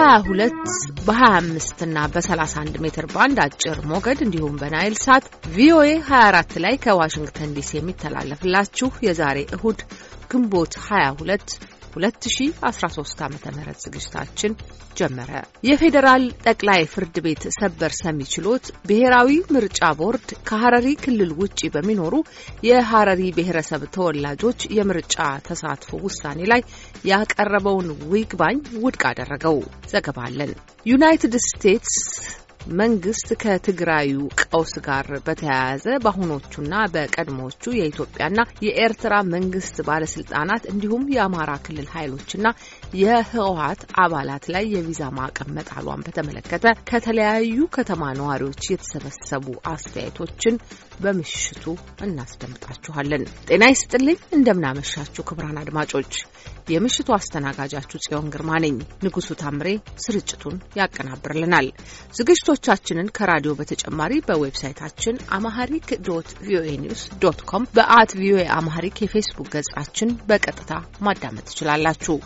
በ22 በ25 እና በ31 ሜትር ባንድ አጭር ሞገድ እንዲሁም በናይል ሳት ቪኦኤ 24 ላይ ከዋሽንግተን ዲሲ የሚተላለፍላችሁ የዛሬ እሁድ ግንቦት 22 2013 ዓ ም ዝግጅታችን ጀመረ። የፌዴራል ጠቅላይ ፍርድ ቤት ሰበር ሰሚ ችሎት ብሔራዊ ምርጫ ቦርድ ከሀረሪ ክልል ውጪ በሚኖሩ የሀረሪ ብሔረሰብ ተወላጆች የምርጫ ተሳትፎ ውሳኔ ላይ ያቀረበውን ይግባኝ ውድቅ አደረገው። ዘገባ ዩናይትድ ስቴትስ መንግስት ከትግራዩ ቀውስ ጋር በተያያዘ በአሁኖቹና በቀድሞዎቹ የኢትዮጵያና የኤርትራ መንግስት ባለስልጣናት እንዲሁም የአማራ ክልል ኃይሎችና የህወሀት አባላት ላይ የቪዛ ማዕቀብ መጣሏን በተመለከተ ከተለያዩ ከተማ ነዋሪዎች የተሰበሰቡ አስተያየቶችን በምሽቱ እናስደምጣችኋለን። ጤና ይስጥልኝ፣ እንደምናመሻችሁ ክቡራን አድማጮች፣ የምሽቱ አስተናጋጃችሁ ጽዮን ግርማ ነኝ። ንጉሱ ታምሬ ስርጭቱን ያቀናብርልናል። ዝግጅቶቻችንን ከራዲዮ በተጨማሪ በዌብሳይታችን አማሐሪክ ዶት ቪኦኤ ኒውስ ዶት ኮም በአት ቪኦኤ አማሐሪክ የፌስቡክ ገጻችን በቀጥታ ማዳመጥ ትችላላችሁ።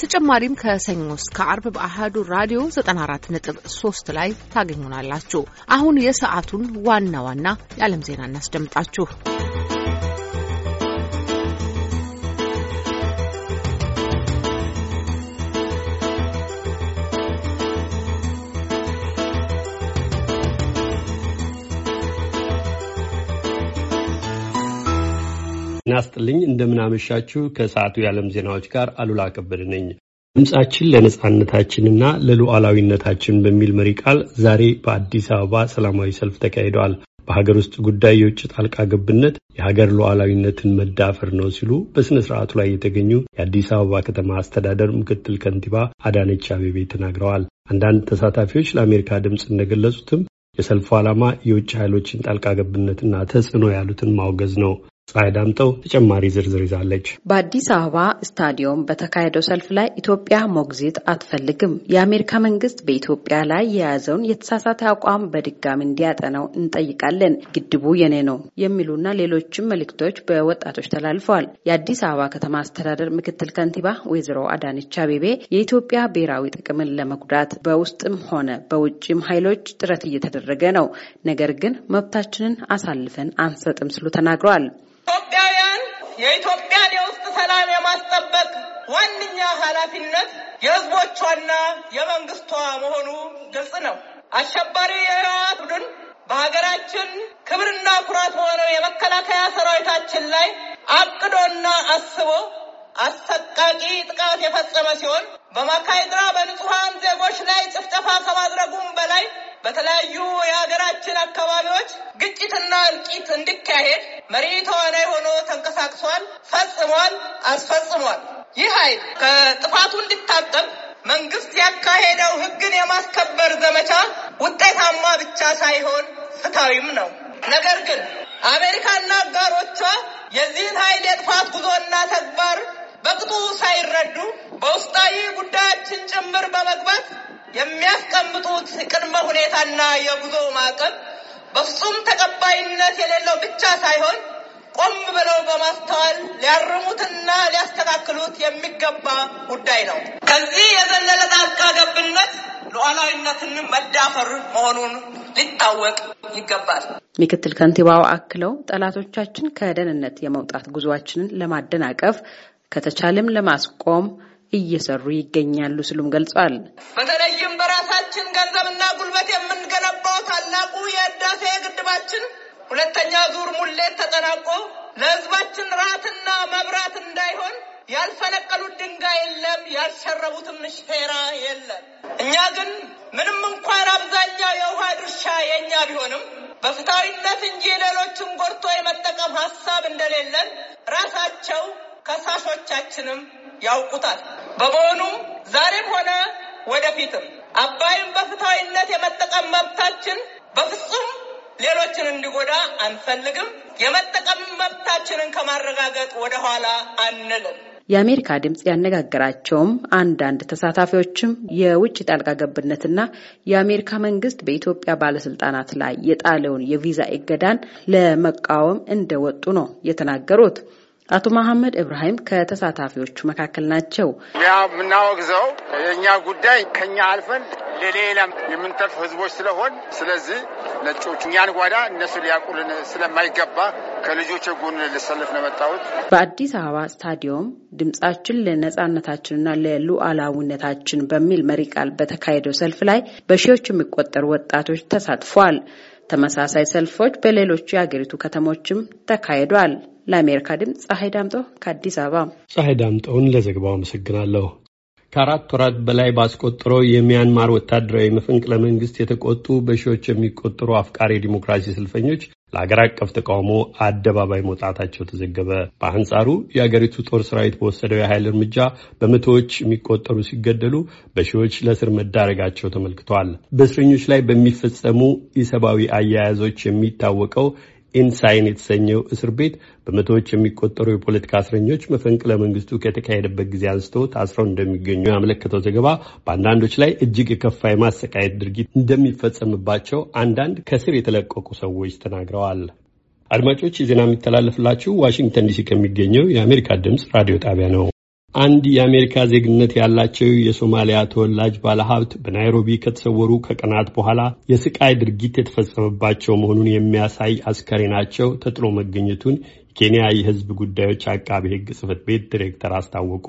በተጨማሪም ከሰኞ እስከ አርብ በአህዱ ራዲዮ 94.3 ላይ ታገኙናላችሁ። አሁን የሰዓቱን ዋና ዋና የዓለም ዜና እናስደምጣችሁ። ጤና ይስጥልኝ እንደምናመሻችሁ ከሰዓቱ የዓለም ዜናዎች ጋር አሉላ ከበደ ነኝ። ድምፃችን ለነፃነታችንና ለሉዓላዊነታችን በሚል መሪ ቃል ዛሬ በአዲስ አበባ ሰላማዊ ሰልፍ ተካሂደዋል። በሀገር ውስጥ ጉዳይ የውጭ ጣልቃ ገብነት የሀገር ሉዓላዊነትን መዳፈር ነው ሲሉ በሥነ ሥርዓቱ ላይ የተገኙ የአዲስ አበባ ከተማ አስተዳደር ምክትል ከንቲባ አዳነች አቤቤ ተናግረዋል። አንዳንድ ተሳታፊዎች ለአሜሪካ ድምፅ እንደገለጹትም የሰልፉ ዓላማ የውጭ ኃይሎችን ጣልቃ ገብነትና ተጽዕኖ ያሉትን ማውገዝ ነው። ፀሐይ ዳምጠው ተጨማሪ ዝርዝር ይዛለች። በአዲስ አበባ ስታዲየም በተካሄደው ሰልፍ ላይ ኢትዮጵያ ሞግዚት አትፈልግም፣ የአሜሪካ መንግስት በኢትዮጵያ ላይ የያዘውን የተሳሳተ አቋም በድጋሚ እንዲያጠነው እንጠይቃለን፣ ግድቡ የኔ ነው የሚሉና ሌሎችም መልእክቶች በወጣቶች ተላልፈዋል። የአዲስ አበባ ከተማ አስተዳደር ምክትል ከንቲባ ወይዘሮ አዳነች አቤቤ የኢትዮጵያ ብሔራዊ ጥቅምን ለመጉዳት በውስጥም ሆነ በውጭም ኃይሎች ጥረት እየተደረገ ነው፣ ነገር ግን መብታችንን አሳልፈን አንሰጥም ሲሉ ተናግረዋል። ኢትዮጵያውያን የኢትዮጵያን የውስጥ ሰላም የማስጠበቅ ዋነኛ ኃላፊነት የህዝቦቿና የመንግስቷ መሆኑ ግልጽ ነው። አሸባሪ የህወሓት ቡድን በሀገራችን ክብርና ኩራት በሆነው የመከላከያ ሰራዊታችን ላይ አቅዶና አስቦ አሰቃቂ ጥቃት የፈጸመ ሲሆን በማካይድራ በንጹሐን ዜጎች ላይ ጭፍጨፋ ከማድረጉም በላይ በተለያዩ የሀገራችን አካባቢዎች ግጭትና እልቂት እንዲካሄድ መሪ ተዋናይ ሆኖ ተንቀሳቅሷል፣ ፈጽሟል፣ አስፈጽሟል። ይህ ኃይል ከጥፋቱ እንዲታቀብ መንግስት ያካሄደው ህግን የማስከበር ዘመቻ ውጤታማ ብቻ ሳይሆን ፍትሐዊም ነው። ነገር ግን አሜሪካና አጋሮቿ የዚህን ኃይል የጥፋት ጉዞና ተግባር በቅጡ ሳይረዱ በውስጣዊ ጉዳያችን ጭምር በመግባት የሚያስቀምጡት ቅድመ ሁኔታና የጉዞ ማዕቀብ በፍጹም ተቀባይነት የሌለው ብቻ ሳይሆን ቆም ብለው በማስተዋል ሊያርሙትና ሊያስተካክሉት የሚገባ ጉዳይ ነው። ከዚህ የዘለለ ጣልቃ ገብነት ሉዓላዊነትን መዳፈር መሆኑን ሊታወቅ ይገባል። ምክትል ከንቲባው አክለው ጠላቶቻችን ከደህንነት የመውጣት ጉዞአችንን ለማደናቀፍ ከተቻለም ለማስቆም እየሰሩ ይገኛሉ ሲሉም ገልጿል። በተለይም በራሳችን ገንዘብና ጉልበት የምንገነባው ታላቁ የህዳሴ ግድባችን ሁለተኛ ዙር ሙሌት ተጠናቆ ለህዝባችን ራትና መብራት እንዳይሆን ያልፈነቀሉት ድንጋይ የለም፣ ያልሸረቡትም ሼራ የለም። እኛ ግን ምንም እንኳን አብዛኛው የውሃ ድርሻ የእኛ ቢሆንም በፍትሐዊነት እንጂ ሌሎችን ጎድቶ የመጠቀም ሀሳብ እንደሌለን ራሳቸው ከሳሾቻችንም ያውቁታል። በመሆኑ ዛሬም ሆነ ወደፊትም አባይን በፍትሐዊነት የመጠቀም መብታችን በፍጹም ሌሎችን እንዲጎዳ አንፈልግም። የመጠቀም መብታችንን ከማረጋገጥ ወደኋላ አንልም። የአሜሪካ ድምፅ ያነጋገራቸውም አንዳንድ ተሳታፊዎችም የውጭ ጣልቃ ገብነትና የአሜሪካ መንግስት በኢትዮጵያ ባለስልጣናት ላይ የጣለውን የቪዛ እገዳን ለመቃወም እንደወጡ ነው የተናገሩት። አቶ መሐመድ እብራሂም ከተሳታፊዎቹ መካከል ናቸው። ያው የምናወግዘው የእኛ ጉዳይ ከኛ አልፈን ለሌላ የምንጠልፍ ህዝቦች ስለሆን ስለዚህ ነጮቹ እኛን ጓዳ እነሱ ሊያውቁልን ስለማይገባ ከልጆች ጎን ልሰልፍ ነው የመጣሁት። በአዲስ አበባ ስታዲየም ድምጻችን ለነጻነታችንና ለሉዓላዊነታችን በሚል መሪ ቃል በተካሄደው ሰልፍ ላይ በሺዎች የሚቆጠሩ ወጣቶች ተሳትፏል። ተመሳሳይ ሰልፎች በሌሎቹ የአገሪቱ ከተሞችም ተካሂዷል። ለአሜሪካ ድምፅ ፀሐይ ዳምጦ ከአዲስ አበባ። ፀሐይ ዳምጦውን ለዘግባው አመሰግናለሁ። ከአራት ወራት በላይ ባስቆጠረው የሚያንማር ወታደራዊ መፈንቅለ መንግስት የተቆጡ በሺዎች የሚቆጠሩ አፍቃሪ ዲሞክራሲ ሰልፈኞች ለሀገር አቀፍ ተቃውሞ አደባባይ መውጣታቸው ተዘገበ። በአንጻሩ የአገሪቱ ጦር ሰራዊት በወሰደው የኃይል እርምጃ በመቶዎች የሚቆጠሩ ሲገደሉ በሺዎች ለእስር መዳረጋቸው ተመልክቷል። በእስረኞች ላይ በሚፈጸሙ ኢሰብአዊ አያያዞች የሚታወቀው ኢንሳይን የተሰኘው እስር ቤት በመቶዎች የሚቆጠሩ የፖለቲካ እስረኞች መፈንቅለ መንግስቱ ከተካሄደበት ጊዜ አንስቶ ታስረው እንደሚገኙ ያመለከተው ዘገባ በአንዳንዶች ላይ እጅግ የከፋ የማሰቃየት ድርጊት እንደሚፈጸምባቸው አንዳንድ ከስር የተለቀቁ ሰዎች ተናግረዋል። አድማጮች፣ ዜና የሚተላለፍላችሁ ዋሽንግተን ዲሲ ከሚገኘው የአሜሪካ ድምፅ ራዲዮ ጣቢያ ነው። አንድ የአሜሪካ ዜግነት ያላቸው የሶማሊያ ተወላጅ ባለሀብት በናይሮቢ ከተሰወሩ ከቀናት በኋላ የስቃይ ድርጊት የተፈጸመባቸው መሆኑን የሚያሳይ አስከሬናቸው ተጥሎ መገኘቱን ኬንያ የሕዝብ ጉዳዮች አቃቢ ሕግ ጽህፈት ቤት ዲሬክተር አስታወቁ።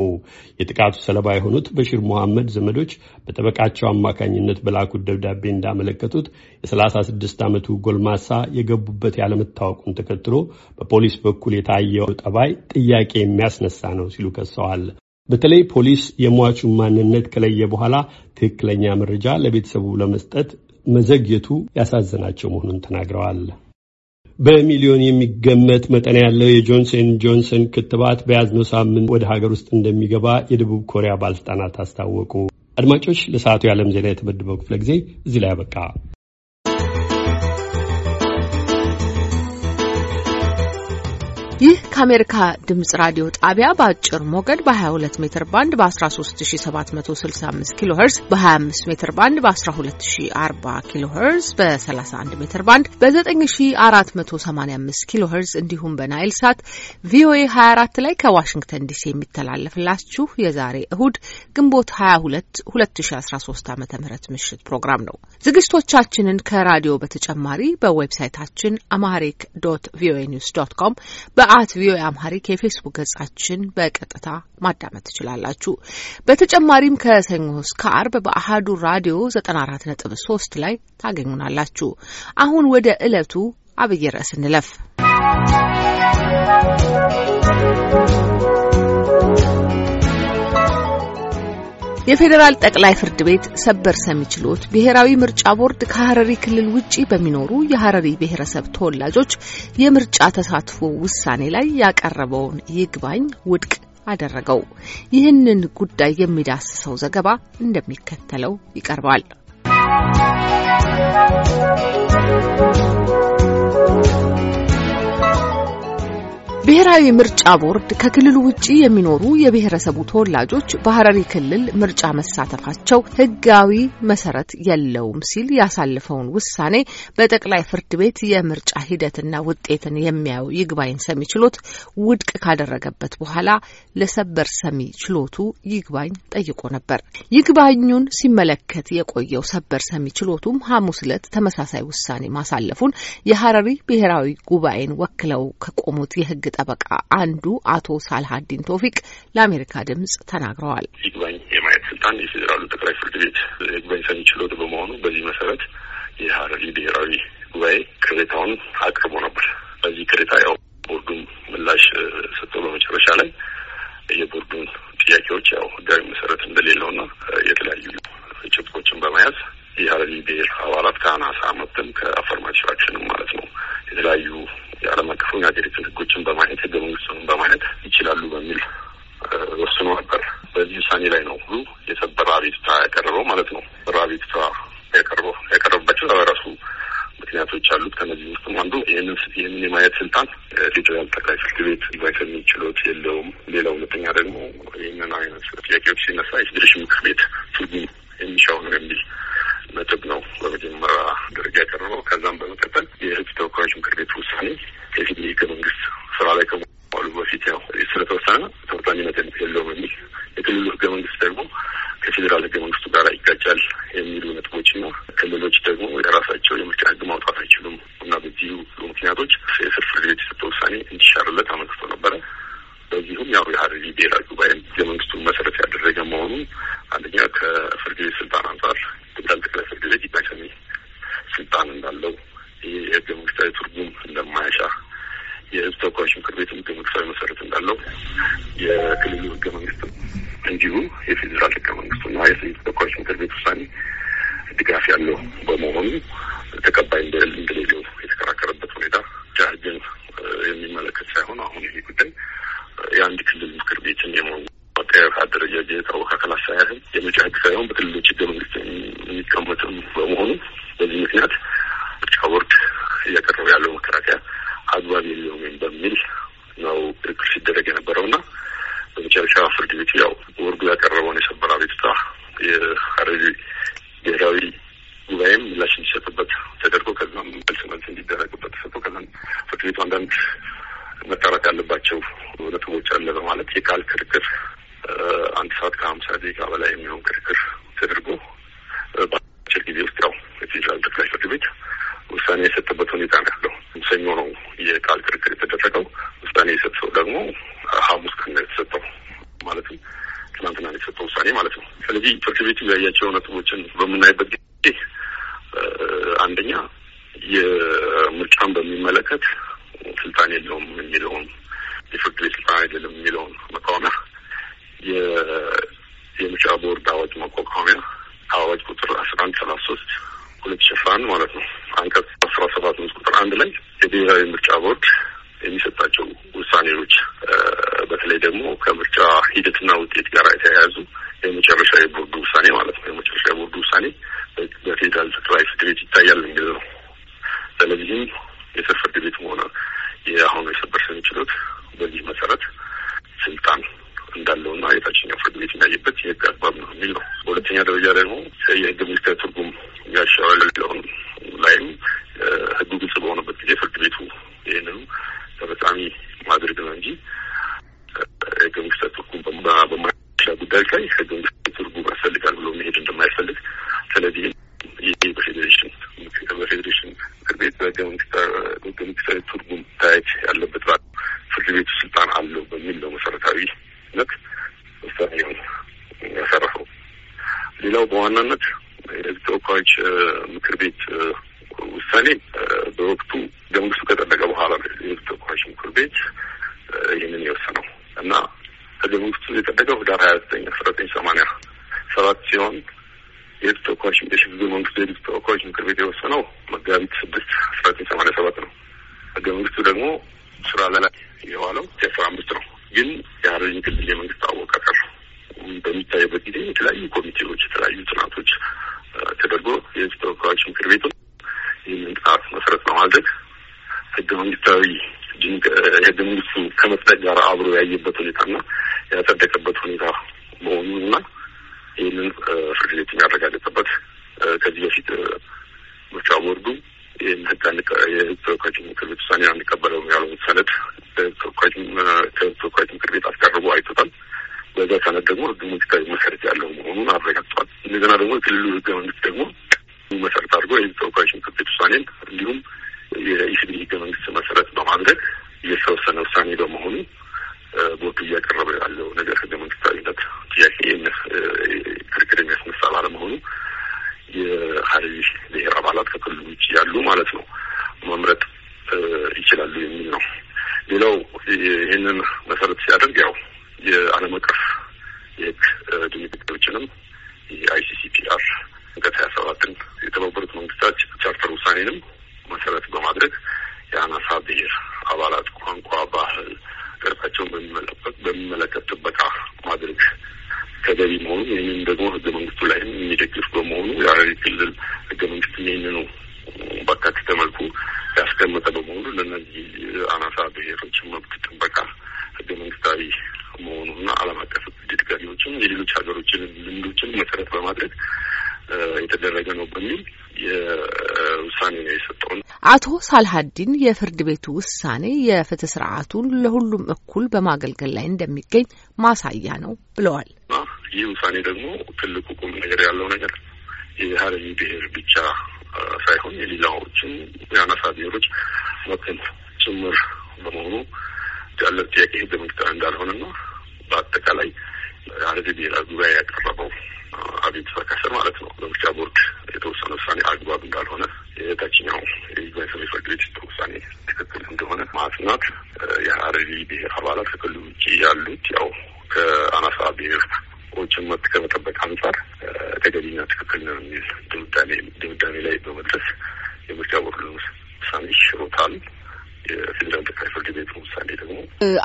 የጥቃቱ ሰለባ የሆኑት በሽር መሐመድ ዘመዶች በጠበቃቸው አማካኝነት በላኩት ደብዳቤ እንዳመለከቱት የ36 ዓመቱ ጎልማሳ የገቡበት ያለመታወቁን ተከትሎ በፖሊስ በኩል የታየው ጠባይ ጥያቄ የሚያስነሳ ነው ሲሉ ከሰዋል። በተለይ ፖሊስ የሟቹን ማንነት ከለየ በኋላ ትክክለኛ መረጃ ለቤተሰቡ ለመስጠት መዘግየቱ ያሳዘናቸው መሆኑን ተናግረዋል። በሚሊዮን የሚገመት መጠን ያለው የጆንሰን ጆንሰን ክትባት በያዝነው ሳምንት ወደ ሀገር ውስጥ እንደሚገባ የደቡብ ኮሪያ ባለስልጣናት አስታወቁ። አድማጮች፣ ለሰዓቱ የዓለም ዜና የተመደበው ክፍለ ጊዜ እዚህ ላይ አበቃ። ይህ ከአሜሪካ ድምጽ ራዲዮ ጣቢያ በአጭር ሞገድ በ22 ሜትር ባንድ በ13765 ኪሎ ሄርዝ በ25 ሜትር ባንድ በ1240 ኪሎ ሄርዝ በ31 ሜትር ባንድ በ9485 ኪሎ ሄርዝ እንዲሁም በናይል ሳት ቪኦኤ 24 ላይ ከዋሽንግተን ዲሲ የሚተላለፍላችሁ የዛሬ እሁድ ግንቦት 22 2013 ዓ ም ምሽት ፕሮግራም ነው። ዝግጅቶቻችንን ከራዲዮ በተጨማሪ በዌብሳይታችን አማሪክ ዶት ቪኦኤ ኒውስ ዶት ኮም በ በአት ቪኦኤ አምሃሪክ የፌስቡክ ገጻችን በቀጥታ ማዳመጥ ትችላላችሁ። በተጨማሪም ከሰኞ እስከ አርብ በአሀዱ ራዲዮ 94.3 ላይ ታገኙናላችሁ። አሁን ወደ ዕለቱ አብይ ርዕስ እንለፍ። የፌዴራል ጠቅላይ ፍርድ ቤት ሰበር ሰሚ ችሎት ብሔራዊ ምርጫ ቦርድ ከሀረሪ ክልል ውጪ በሚኖሩ የሀረሪ ብሔረሰብ ተወላጆች የምርጫ ተሳትፎ ውሳኔ ላይ ያቀረበውን ይግባኝ ውድቅ አደረገው። ይህንን ጉዳይ የሚዳስሰው ዘገባ እንደሚከተለው ይቀርባል። ብሔራዊ ምርጫ ቦርድ ከክልሉ ውጪ የሚኖሩ የብሔረሰቡ ተወላጆች በሐረሪ ክልል ምርጫ መሳተፋቸው ሕጋዊ መሰረት የለውም ሲል ያሳለፈውን ውሳኔ በጠቅላይ ፍርድ ቤት የምርጫ ሂደትና ውጤትን የሚያዩ ይግባኝ ሰሚ ችሎት ውድቅ ካደረገበት በኋላ ለሰበር ሰሚ ችሎቱ ይግባኝ ጠይቆ ነበር። ይግባኙን ሲመለከት የቆየው ሰበር ሰሚ ችሎቱም ሐሙስ ዕለት ተመሳሳይ ውሳኔ ማሳለፉን የሐረሪ ብሔራዊ ጉባኤን ወክለው ከቆሙት የህግ ጠበቃ አንዱ አቶ ሳልሀዲን ቶፊቅ ለአሜሪካ ድምጽ ተናግረዋል። ይግባኝ የማየት ስልጣን የፌዴራሉ ጠቅላይ ፍርድ ቤት ይግባኝ ሰሚ ችሎት በመሆኑ በዚህ መሰረት የሀረሪ ብሔራዊ ጉባኤ ቅሬታውን አቅርቦ ነበር። በዚህ ቅሬታ ያው ቦርዱን ምላሽ ሰጥቶ በመጨረሻ ላይ የቦርዱን ጥያቄዎች ያው ህጋዊ መሰረት እንደሌለውና የተለያዩ ጭብጦችን በመያዝ የሀረሪ ብሔር አባላት ከአናሳ መብትም ከአፈርማቲቭ አክሽንም ማለት ነው የተለያዩ የዓለም አቀፉ የሀገሪቱን ህጎችን በማየት ህገ መንግስቱንም በማየት ይችላሉ በሚል ወስኖ ነበር። በዚህ ውሳኔ ላይ ነው ሁሉ የሰበር አቤቱታ ያቀረበው ማለት ነው። ሰበር አቤቱታ ያቀረበው ያቀረበባቸው ራሱ ምክንያቶች አሉት። ከነዚህ ውስጥም አንዱ ይህንን ይህንን የማየት ስልጣን ፌዴራል ጠቅላይ ፍርድ ቤት ሊቫይት ችሎት የለውም። ሌላ ሁለተኛ ደግሞ ይህንን አይነት ጥያቄዎች ሲነሳ የፌዴሬሽን ምክር ቤት ትርጉም የሚሻው ነው የሚል ነጥብ ነው በመጀመሪያ ማስረጃ ያቀረበው። ከዛም በመቀጠል የህዝብ ተወካዮች ምክር ቤት ውሳኔ የፊት ህገ መንግስት ስራ ላይ ከመዋሉ በፊት ያው ስለተወሰነ ተፈጻሚነት የለውም የሚል የክልሉ ህገ መንግስት ደግሞ ከፌዴራል ህገ መንግስቱ ጋር ይጋጫል የሚሉ ነጥቦችና ክልሎች ደግሞ የራሳቸው የምርጫ ህግ ማውጣት አይችሉም እና በዚሁ ምክንያቶች የስር ፍርድ ቤት የሰጠ ውሳኔ እንዲሻርለት አመልክቶ ነበረ። በዚሁም ያው የሀረሪ ብሔራዊ ጉባኤ ህገ መንግስቱን መሰረት ያደረገ መሆኑን ሀገሪቱ አንዳንድ መጣራት ያለባቸው ነጥቦች አለ በማለት የቃል ክርክር አንድ ሰዓት ከሀምሳ ደቂቃ በላይ የሚሆን ክርክር ተደርጎ በአጭር ጊዜ ውስጥ ያው የፌዴራል ጠቅላይ ፍርድ ቤት ውሳኔ የሰጠበት ሁኔታ ነው ያለው። ሰኞ ነው የቃል ክርክር የተደረገው። ውሳኔ የሰጠው ደግሞ ሐሙስ ቀን ነው የተሰጠው። ማለትም ትናንትና ነው የተሰጠው ውሳኔ ማለት ነው። ስለዚህ ፍርድ ቤቱ ያያቸው ነጥቦችን በምናይበት ጊዜ አንደኛ የምርጫን በሚመለከት የህዝብ ተወካዮች የሽግግር መንግስት የህዝብ ተወካዮች ምክር ቤት የወሰነው መጋቢት ስድስት አስራ ዘጠኝ ሰማንያ ሰባት ነው። ህገ መንግስቱ ደግሞ ስራ ላይ የዋለው የአስራ አምስት ነው። ግን የሀረሪ ክልል የመንግስት አወቃቀር በሚታይበት ጊዜ የተለያዩ ኮሚቴዎች፣ የተለያዩ ጥናቶች ተደርጎ የህዝብ ተወካዮች ምክር ቤቱን ይህንን ጥናት መሰረት በማድረግ ህገ መንግስታዊ ህገ መንግስቱ ከመጽደቅ ጋር አብሮ ያየበት ሁኔታና ያጸደቀበት ሁኔታ መሆኑንና ይህንን ፍርድ ቤት የሚያረጋገጠበት ከዚህ በፊት ምርጫ ቦርዱ ይህን ህግ ተወካዮች ምክር ቤት ውሳኔ አንቀበለው ያሉት ሰነድ ተወካዮች ምክር ቤት አስቀርቦ አይቶታል። በዛ ሰነድ ደግሞ ህግ መንግስታዊ መሰረት ያለው መሆኑን አረጋግጧል። እንደገና ደግሞ የክልሉ ህገ መንግስት ደግሞ መሰረት አድርጎ የህግ ተወካዮች ምክር ቤት ውሳኔን እንዲሁም የኢስቢ ህገ መንግስት መሰረት በማድረግ የተወሰነ ውሳኔ በመሆኑ ቦርዱ እያቀረበ ያለው ነገር ህገ መንግስታዊነት ጥያቄ ክርክር የሚያስነሳ ባለመሆኑ የሀረሪ ብሔር አባላት ከክልሉ ውጭ ያሉ ማለት ነው መምረጥ ይችላሉ የሚል ነው። ሌላው ይህንን መሰረት ሲያደርግ ያው የዓለም አቀፍ የህግ ድንጋጌዎችንም የአይሲሲፒአር አንቀጽ ሀያ ሰባትን የተባበሩት መንግስታት ቻርተር ውሳኔንም መሰረት በማድረግ የአናሳ ብሔር አባላት ቋንቋ፣ ባህል፣ ቅርጻቸውን በሚመለከት ጥበቃ ማድረግ ተገቢ መሆኑ ይህንን ደግሞ ህገ መንግስቱ ላይም የሚደግፍ በመሆኑ የሀረሪ ክልል ህገ መንግስት ይህንኑ ባካተተ መልኩ ያስቀመጠ በመሆኑ ለእነዚህ አናሳ ብሔሮች መብት ጥበቃ ህገ መንግስታዊ መሆኑና ዓለም አቀፍ ድጋጌዎችም የሌሎች ሀገሮችን ልምዶችን መሰረት በማድረግ የተደረገ ነው በሚል የውሳኔ ነው የሰጠው። አቶ ሳልሀዲን የፍርድ ቤቱ ውሳኔ የፍትህ ስርዓቱን ለሁሉም እኩል በማገልገል ላይ እንደሚገኝ ማሳያ ነው ብለዋል። ይህ ውሳኔ ደግሞ ትልቁ ቁም ነገር ያለው ነገር የሀረሪ ብሔር ብቻ ሳይሆን የሌላዎችን የአናሳ ብሔሮች መብትን ጭምር በመሆኑ ያለ ጥያቄ ህገ መንግስታዊ እንዳልሆነና በአጠቃላይ ሀረሪ ብሔራዊ ጉባኤ ያቀረበው አቤቱታ ከስር ማለት ነው በምርጫ ቦርድ የተወሰነ ውሳኔ አግባብ እንዳልሆነ የታችኛው የህዝባዊ ሰሜን ፍርድ ቤት ውሳኔ ትክክል እንደሆነ ማጽናት የሀረሪ ብሔር አባላት ከክልሉ ውጭ ያሉት ያው ከአናሳ ብሔር ሰዎችን መብት ከመጠበቅ አንጻር ተገቢና ትክክል ነው የሚል ድምዳሜ ድምዳሜ ላይ በመድረስ የምርጫ ቦርድን ውሳኔ ይሽሮታል። የፌዴራል ጠቅላይ ፍርድ ቤት ውሳኔ ደግሞ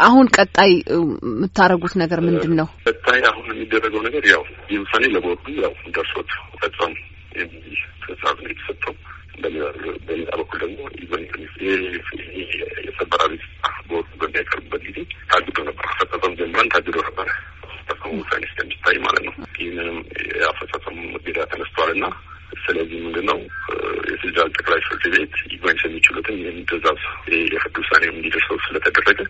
አሁን ቀጣይ የምታደርጉት ነገር ምንድን ነው? ቀጣይ አሁን የሚደረገው ነገር ያው ይህ ውሳኔ ለቦርዱ ያው ደርሶት ፈጽም የሚል ትዕዛዝ ነው የተሰጠው። በሌላ በኩል ደግሞ የሰበር አቤቱታ ቦርዱ በሚያቀርብበት ጊዜ ታግዶ ነበር። አፈጻጸም ጀምረን ታግዶ ነበር። ተጠቅሙ ሳይንስ እንደሚታይ ማለት ነው። ይህንንም የአፈጻጸሙ ግዳ ተነስቷል እና ስለዚህ ምንድን ነው የፌዴራል ጠቅላይ ፍርድ ቤት ይግባኝ የሚችሉትን ይህን ትእዛዝ የፍርድ ውሳኔ እንዲደርሰው ስለተደረገ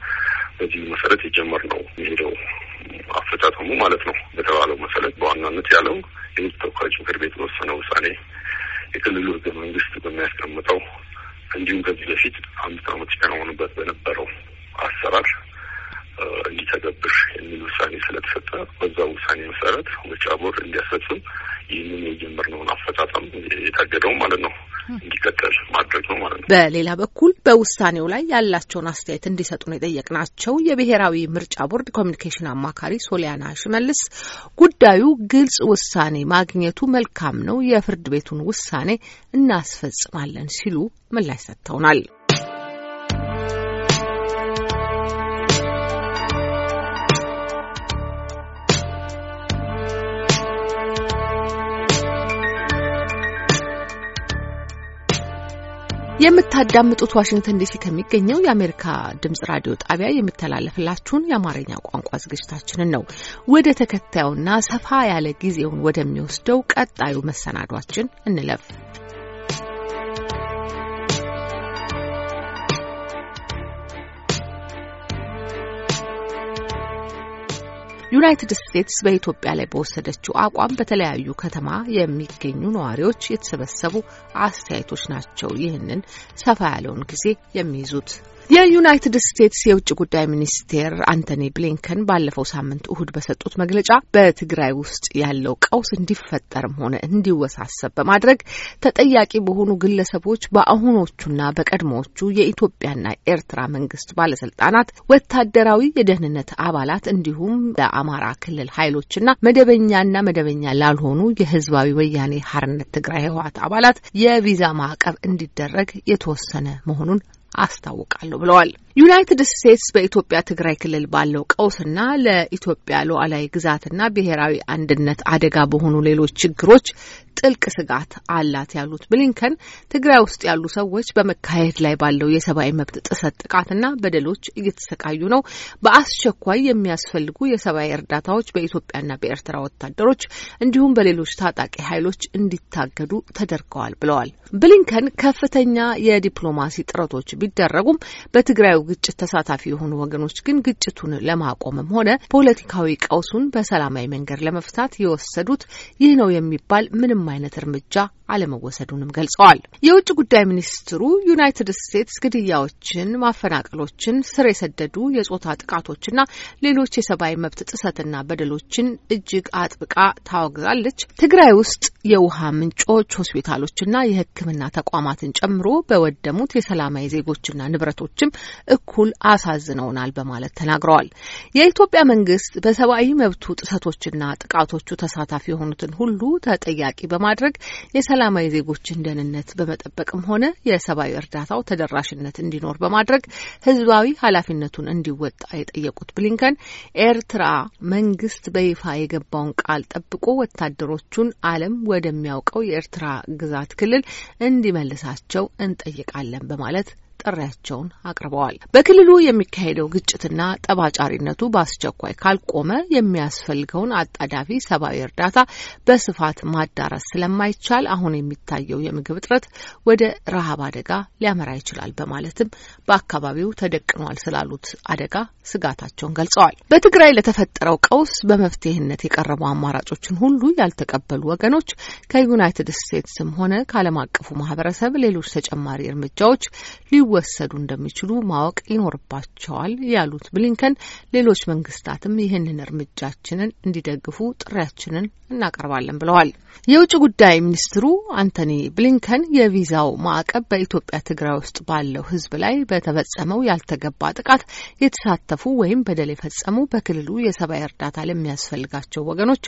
በዚህ መሰረት የጀመር ነው የሄደው አፈጻጸሙ ማለት ነው። በተባለው መሰረት በዋናነት ያለው የህዝብ ተወካዮች ምክር ቤት በወሰነው ውሳኔ የክልሉ ህገ መንግስት በሚያስቀምጠው እንዲሁም ከዚህ በፊት አምስት አመት ሲከናወንበት በነበረው አሰራር እንዲተገብር የሚል ውሳኔ ስለተሰጠ በዛ ውሳኔ መሰረት ምርጫ ቦርድ እንዲያስፈጽም ይህንን የጀመርነውን አፈጻጸም የታገደው ማለት ነው እንዲቀጠል ማድረግ ነው ማለት ነው። በሌላ በኩል በውሳኔው ላይ ያላቸውን አስተያየት እንዲሰጡ እንዲሰጡን የጠየቅናቸው የብሔራዊ ምርጫ ቦርድ ኮሚኒኬሽን አማካሪ ሶሊያና ሽመልስ ጉዳዩ ግልጽ ውሳኔ ማግኘቱ መልካም ነው፣ የፍርድ ቤቱን ውሳኔ እናስፈጽማለን ሲሉ ምላሽ ሰጥተውናል። የምታዳምጡት ዋሽንግተን ዲሲ ከሚገኘው የአሜሪካ ድምጽ ራዲዮ ጣቢያ የሚተላለፍላችሁን የአማርኛ ቋንቋ ዝግጅታችንን ነው። ወደ ተከታዩና ሰፋ ያለ ጊዜውን ወደሚወስደው ቀጣዩ መሰናዷችን እንለፍ። ዩናይትድ ስቴትስ በኢትዮጵያ ላይ በወሰደችው አቋም በተለያዩ ከተማ የሚገኙ ነዋሪዎች የተሰበሰቡ አስተያየቶች ናቸው። ይህንን ሰፋ ያለውን ጊዜ የሚይዙት የዩናይትድ ስቴትስ የውጭ ጉዳይ ሚኒስቴር አንቶኒ ብሊንከን ባለፈው ሳምንት እሁድ በሰጡት መግለጫ በትግራይ ውስጥ ያለው ቀውስ እንዲፈጠርም ሆነ እንዲወሳሰብ በማድረግ ተጠያቂ በሆኑ ግለሰቦች በአሁኖቹና በቀድሞዎቹ የኢትዮጵያና ኤርትራ መንግስት ባለስልጣናት፣ ወታደራዊ የደህንነት አባላት እንዲሁም ለአማራ ክልል ኃይሎችና መደበኛና መደበኛ ላልሆኑ የህዝባዊ ወያኔ ሀርነት ትግራይ ህወሀት አባላት የቪዛ ማዕቀብ እንዲደረግ የተወሰነ መሆኑን አስታውቃለሁ ብለዋል። ዩናይትድ ስቴትስ በኢትዮጵያ ትግራይ ክልል ባለው ቀውስና ለኢትዮጵያ ሉዓላዊ ግዛትና ብሔራዊ አንድነት አደጋ በሆኑ ሌሎች ችግሮች ጥልቅ ስጋት አላት ያሉት ብሊንከን ትግራይ ውስጥ ያሉ ሰዎች በመካሄድ ላይ ባለው የሰብአዊ መብት ጥሰት ጥቃትና በደሎች እየተሰቃዩ ነው። በአስቸኳይ የሚያስፈልጉ የሰብአዊ እርዳታዎች በኢትዮጵያና በኤርትራ ወታደሮች እንዲሁም በሌሎች ታጣቂ ኃይሎች እንዲታገዱ ተደርገዋል ብለዋል። ብሊንከን ከፍተኛ የዲፕሎማሲ ጥረቶች ቢደረጉም በትግራይ ግጭት ተሳታፊ የሆኑ ወገኖች ግን ግጭቱን ለማቆምም ሆነ ፖለቲካዊ ቀውሱን በሰላማዊ መንገድ ለመፍታት የወሰዱት ይህ ነው የሚባል ምንም አይነት እርምጃ አለመወሰዱንም ገልጸዋል። የውጭ ጉዳይ ሚኒስትሩ ዩናይትድ ስቴትስ ግድያዎችን፣ ማፈናቀሎችን፣ ስር የሰደዱ የጾታ ጥቃቶችና ሌሎች የሰብአዊ መብት ጥሰትና በደሎችን እጅግ አጥብቃ ታወግዛለች። ትግራይ ውስጥ የውሃ ምንጮች፣ ሆስፒታሎችና የሕክምና ተቋማትን ጨምሮ በወደሙት የሰላማዊ ዜጎችና ንብረቶችም እኩል አሳዝነውናል በማለት ተናግረዋል። የኢትዮጵያ መንግስት በሰብአዊ መብቱ ጥሰቶችና ጥቃቶቹ ተሳታፊ የሆኑትን ሁሉ ተጠያቂ በማድረግ የሰላማዊ ዜጎችን ደህንነት በመጠበቅም ሆነ የሰብአዊ እርዳታው ተደራሽነት እንዲኖር በማድረግ ህዝባዊ ኃላፊነቱን እንዲወጣ የጠየቁት ብሊንከን ኤርትራ መንግስት በይፋ የገባውን ቃል ጠብቆ ወታደሮቹን ዓለም ወደሚያውቀው የኤርትራ ግዛት ክልል እንዲመልሳቸው እንጠይቃለን በማለት ጥሪያቸውን አቅርበዋል። በክልሉ የሚካሄደው ግጭትና ጠባጫሪነቱ በአስቸኳይ ካልቆመ የሚያስፈልገውን አጣዳፊ ሰብአዊ እርዳታ በስፋት ማዳረስ ስለማይቻል አሁን የሚታየው የምግብ እጥረት ወደ ረሃብ አደጋ ሊያመራ ይችላል በማለትም በአካባቢው ተደቅኗል ስላሉት አደጋ ስጋታቸውን ገልጸዋል። በትግራይ ለተፈጠረው ቀውስ በመፍትሄነት የቀረቡ አማራጮችን ሁሉ ያልተቀበሉ ወገኖች ከዩናይትድ ስቴትስም ሆነ ከዓለም አቀፉ ማህበረሰብ ሌሎች ተጨማሪ እርምጃዎች ሊወ ሊወሰዱ እንደሚችሉ ማወቅ ይኖርባቸዋል ያሉት ብሊንከን ሌሎች መንግስታትም ይህንን እርምጃችንን እንዲደግፉ ጥሪያችንን እናቀርባለን ብለዋል። የውጭ ጉዳይ ሚኒስትሩ አንቶኒ ብሊንከን የቪዛው ማዕቀብ በኢትዮጵያ ትግራይ ውስጥ ባለው ሕዝብ ላይ በተፈጸመው ያልተገባ ጥቃት የተሳተፉ ወይም በደል የፈጸሙ በክልሉ የሰብአዊ እርዳታ ለሚያስፈልጋቸው ወገኖች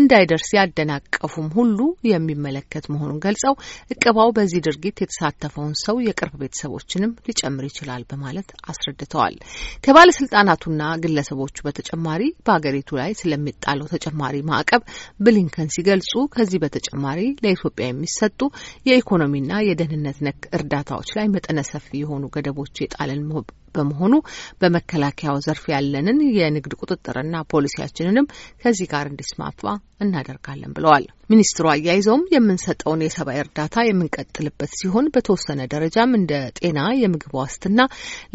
እንዳይደርስ ያደናቀፉም ሁሉ የሚመለከት መሆኑን ገልጸው እቅባው በዚህ ድርጊት የተሳተፈውን ሰው የቅርብ ቤተሰቦችንም ቁጥርንም ሊጨምር ይችላል በማለት አስረድተዋል። ከባለስልጣናቱና ግለሰቦቹ በተጨማሪ በሀገሪቱ ላይ ስለሚጣለው ተጨማሪ ማዕቀብ ብሊንከን ሲገልጹ ከዚህ በተጨማሪ ለኢትዮጵያ የሚሰጡ የኢኮኖሚና የደህንነት ነክ እርዳታዎች ላይ መጠነ ሰፊ የሆኑ ገደቦች የጣልን በመሆኑ በመከላከያው ዘርፍ ያለንን የንግድ ቁጥጥርና ፖሊሲያችንንም ከዚህ ጋር እንዲስማፋ እናደርጋለን ብለዋል። ሚኒስትሩ አያይዘውም የምንሰጠውን የሰብአዊ እርዳታ የምንቀጥልበት ሲሆን በተወሰነ ደረጃም እንደ ጤና፣ የምግብ ዋስትና፣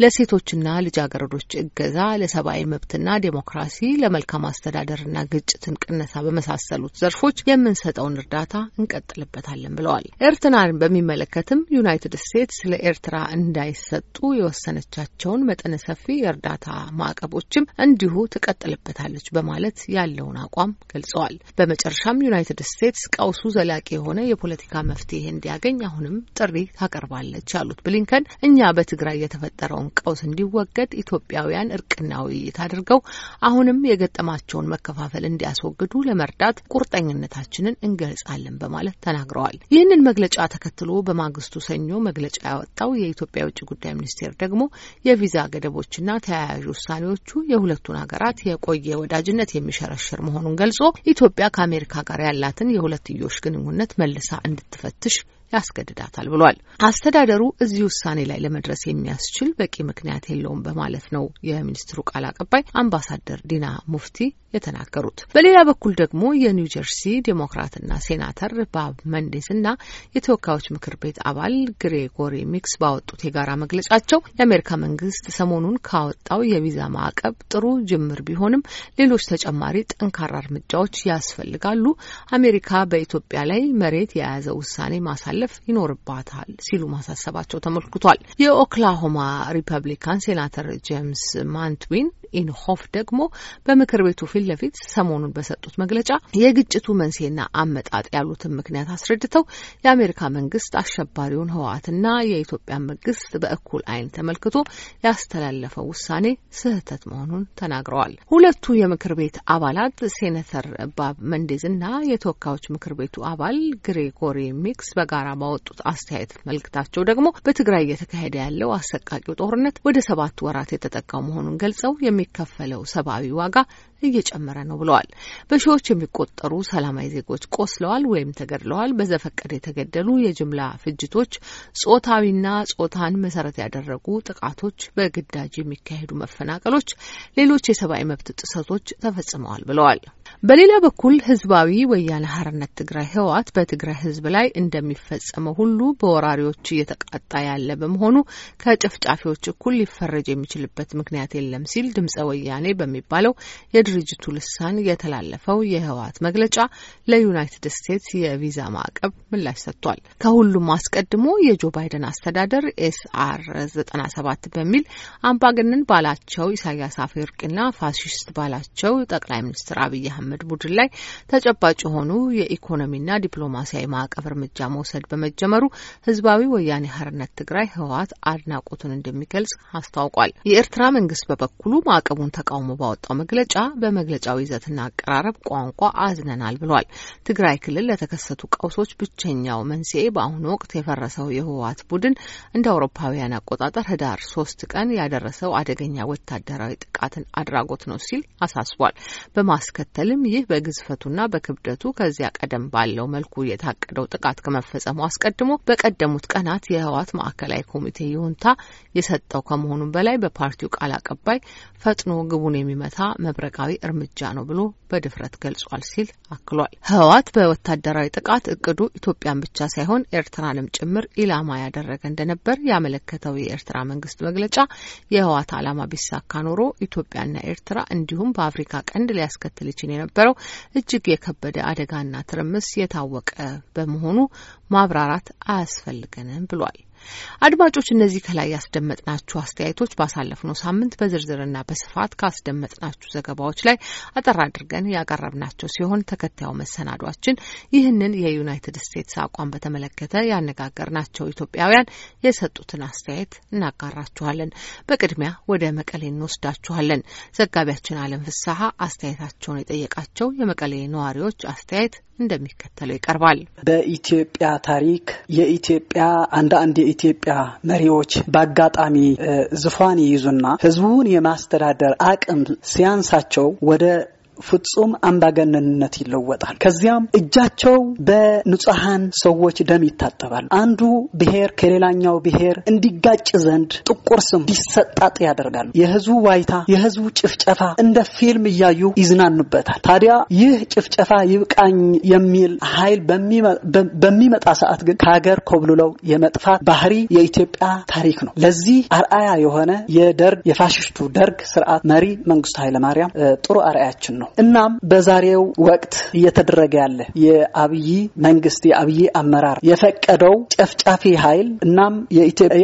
ለሴቶችና ልጃገረዶች እገዛ፣ ለሰብአዊ መብትና ዴሞክራሲ፣ ለመልካም አስተዳደርና ግጭትን ቅነሳ በመሳሰሉት ዘርፎች የምንሰጠውን እርዳታ እንቀጥልበታለን ብለዋል። ኤርትራን በሚመለከትም ዩናይትድ ስቴትስ ለኤርትራ እንዳይሰጡ የወሰነቻቸው ያሏቸውን መጠነ ሰፊ የእርዳታ ማዕቀቦችም እንዲሁ ትቀጥልበታለች በማለት ያለውን አቋም ገልጸዋል። በመጨረሻም ዩናይትድ ስቴትስ ቀውሱ ዘላቂ የሆነ የፖለቲካ መፍትሄ እንዲያገኝ አሁንም ጥሪ ታቀርባለች ያሉት ብሊንከን እኛ በትግራይ የተፈጠረውን ቀውስ እንዲወገድ ኢትዮጵያውያን እርቅና ውይይት አድርገው አሁንም የገጠማቸውን መከፋፈል እንዲያስወግዱ ለመርዳት ቁርጠኝነታችንን እንገልጻለን በማለት ተናግረዋል። ይህንን መግለጫ ተከትሎ በማግስቱ ሰኞ መግለጫ ያወጣው የኢትዮጵያ የውጭ ጉዳይ ሚኒስቴር ደግሞ የ የቪዛ ገደቦችና ተያያዥ ውሳኔዎቹ የሁለቱን ሀገራት የቆየ ወዳጅነት የሚሸረሽር መሆኑን ገልጾ ኢትዮጵያ ከአሜሪካ ጋር ያላትን የሁለትዮሽ ግንኙነት መልሳ እንድትፈትሽ ያስገድዳታል ብሏል። አስተዳደሩ እዚህ ውሳኔ ላይ ለመድረስ የሚያስችል በቂ ምክንያት የለውም በማለት ነው የሚኒስትሩ ቃል አቀባይ አምባሳደር ዲና ሙፍቲ የተናገሩት። በሌላ በኩል ደግሞ የኒው ጀርሲ ዴሞክራትና ሴናተር ባብ መንዴስ እና የተወካዮች ምክር ቤት አባል ግሬጎሪ ሚክስ ባወጡት የጋራ መግለጫቸው የአሜሪካ መንግስት ሰሞኑን ካወጣው የቪዛ ማዕቀብ ጥሩ ጅምር ቢሆንም ሌሎች ተጨማሪ ጠንካራ እርምጃዎች ያስፈልጋሉ። አሜሪካ በኢትዮጵያ ላይ መሬት የያዘ ውሳኔ ማሳለ ማሳለፍ ይኖርባታል ሲሉ ማሳሰባቸው ተመልክቷል። የኦክላሆማ ሪፐብሊካን ሴናተር ጄምስ ማንትዊን ኢንሆፍ ደግሞ በምክር ቤቱ ፊት ለፊት ሰሞኑን በሰጡት መግለጫ የግጭቱ መንስኤና አመጣጥ ያሉትን ምክንያት አስረድተው የአሜሪካ መንግስት አሸባሪውን ህወሓትና የኢትዮጵያ መንግስት በእኩል ዓይን ተመልክቶ ያስተላለፈው ውሳኔ ስህተት መሆኑን ተናግረዋል። ሁለቱ የምክር ቤት አባላት ሴኔተር ባብ መንዴዝ የተወካዮች ምክር ቤቱ አባል ግሬጎሪ ሚክስ በጋራ በጋራ ባወጡት አስተያየት መልእክታቸው ደግሞ በትግራይ እየተካሄደ ያለው አሰቃቂው ጦርነት ወደ ሰባት ወራት የተጠቃው መሆኑን ገልጸው የሚከፈለው ሰብአዊ ዋጋ እየጨመረ ነው ብለዋል። በሺዎች የሚቆጠሩ ሰላማዊ ዜጎች ቆስለዋል ወይም ተገድለዋል። በዘፈቀደ የተገደሉ የጅምላ ፍጅቶች፣ ጾታዊና ጾታን መሰረት ያደረጉ ጥቃቶች፣ በግዳጅ የሚካሄዱ መፈናቀሎች፣ ሌሎች የሰብአዊ መብት ጥሰቶች ተፈጽመዋል ብለዋል። በሌላ በኩል ህዝባዊ ወያነ ሀርነት ትግራይ ህወሓት በትግራይ ህዝብ ላይ እንደሚፈጸመው ሁሉ በወራሪዎች እየተቃጣ ያለ በመሆኑ ከጨፍጫፊዎች እኩል ሊፈረጅ የሚችልበት ምክንያት የለም ሲል ድምጸ ወያኔ በሚባለው የድርጅቱ ልሳን የተላለፈው የህወሓት መግለጫ ለዩናይትድ ስቴትስ የቪዛ ማዕቀብ ምላሽ ሰጥቷል። ከሁሉም አስቀድሞ የጆ ባይደን አስተዳደር ኤስአር 97 በሚል አምባገነን ባላቸው ኢሳያስ አፈወርቂና ፋሽስት ባላቸው ጠቅላይ ሚኒስትር አብይ አህመድ አህመድ ቡድን ላይ ተጨባጭ የሆኑ የኢኮኖሚና ዲፕሎማሲያዊ ማዕቀብ እርምጃ መውሰድ በመጀመሩ ህዝባዊ ወያኔ ሀርነት ትግራይ ህወሀት አድናቆቱን እንደሚገልጽ አስታውቋል። የኤርትራ መንግስት በበኩሉ ማዕቀቡን ተቃውሞ ባወጣው መግለጫ በመግለጫው ይዘትና አቀራረብ ቋንቋ አዝነናል ብሏል። ትግራይ ክልል ለተከሰቱ ቀውሶች ብቸኛው መንስኤ በአሁኑ ወቅት የፈረሰው የህወሀት ቡድን እንደ አውሮፓውያን አቆጣጠር ህዳር ሶስት ቀን ያደረሰው አደገኛ ወታደራዊ ጥቃትን አድራጎት ነው ሲል አሳስቧል። በማስከተል ቢሆንም ይህ በግዝፈቱና በክብደቱ ከዚያ ቀደም ባለው መልኩ የታቀደው ጥቃት ከመፈጸሙ አስቀድሞ በቀደሙት ቀናት የህወሓት ማዕከላዊ ኮሚቴ ይሁንታ የሰጠው ከመሆኑም በላይ በፓርቲው ቃል አቀባይ ፈጥኖ ግቡን የሚመታ መብረቃዊ እርምጃ ነው ብሎ በድፍረት ገልጿል ሲል አክሏል። ህወሓት በወታደራዊ ጥቃት እቅዱ ኢትዮጵያን ብቻ ሳይሆን ኤርትራንም ጭምር ኢላማ ያደረገ እንደነበር ያመለከተው የኤርትራ መንግስት መግለጫ የህወሓት ዓላማ ቢሳካ ኖሮ ኢትዮጵያና ኤርትራ እንዲሁም በአፍሪካ ቀንድ ሊያስከትል ይችል የነበረው እጅግ የከበደ አደጋና ትርምስ የታወቀ በመሆኑ ማብራራት አያስፈልገንም ብሏል። አድማጮች እነዚህ ከላይ ያስደመጥናችሁ አስተያየቶች ባሳለፍነው ሳምንት በዝርዝርና በስፋት ካስደመጥናችሁ ዘገባዎች ላይ አጠር አድርገን ያቀረብናቸው ሲሆን ተከታዩ መሰናዷችን ይህንን የዩናይትድ ስቴትስ አቋም በተመለከተ ያነጋገርናቸው ኢትዮጵያውያን የሰጡትን አስተያየት እናጋራችኋለን። በቅድሚያ ወደ መቀሌ እንወስዳችኋለን። ዘጋቢያችን አለም ፍስሀ አስተያየታቸውን የጠየቃቸው የመቀሌ ነዋሪዎች አስተያየት እንደሚከተለው ይቀርባል። በኢትዮጵያ ታሪክ የኢትዮጵያ አንዳንድ የኢትዮጵያ መሪዎች በአጋጣሚ ዝፏን ይይዙና ህዝቡን የማስተዳደር አቅም ሲያንሳቸው ወደ ፍጹም አምባገነንነት ይለወጣል። ከዚያም እጃቸው በንጹሐን ሰዎች ደም ይታጠባል። አንዱ ብሔር ከሌላኛው ብሔር እንዲጋጭ ዘንድ ጥቁር ስም እንዲሰጣጥ ያደርጋል። የህዝቡ ዋይታ፣ የህዝቡ ጭፍጨፋ እንደ ፊልም እያዩ ይዝናኑበታል። ታዲያ ይህ ጭፍጨፋ ይብቃኝ የሚል ኃይል በሚመጣ ሰዓት ግን ከሀገር ኮብልለው የመጥፋት ባህሪ የኢትዮጵያ ታሪክ ነው። ለዚህ አርአያ የሆነ የደርግ የፋሽስቱ ደርግ ስርዓት መሪ መንግስቱ ኃይለማርያም ጥሩ አርአያችን ነው። ነው። እናም በዛሬው ወቅት እየተደረገ ያለ የአብይ መንግስት የአብይ አመራር የፈቀደው ጨፍጫፊ ኃይል እናም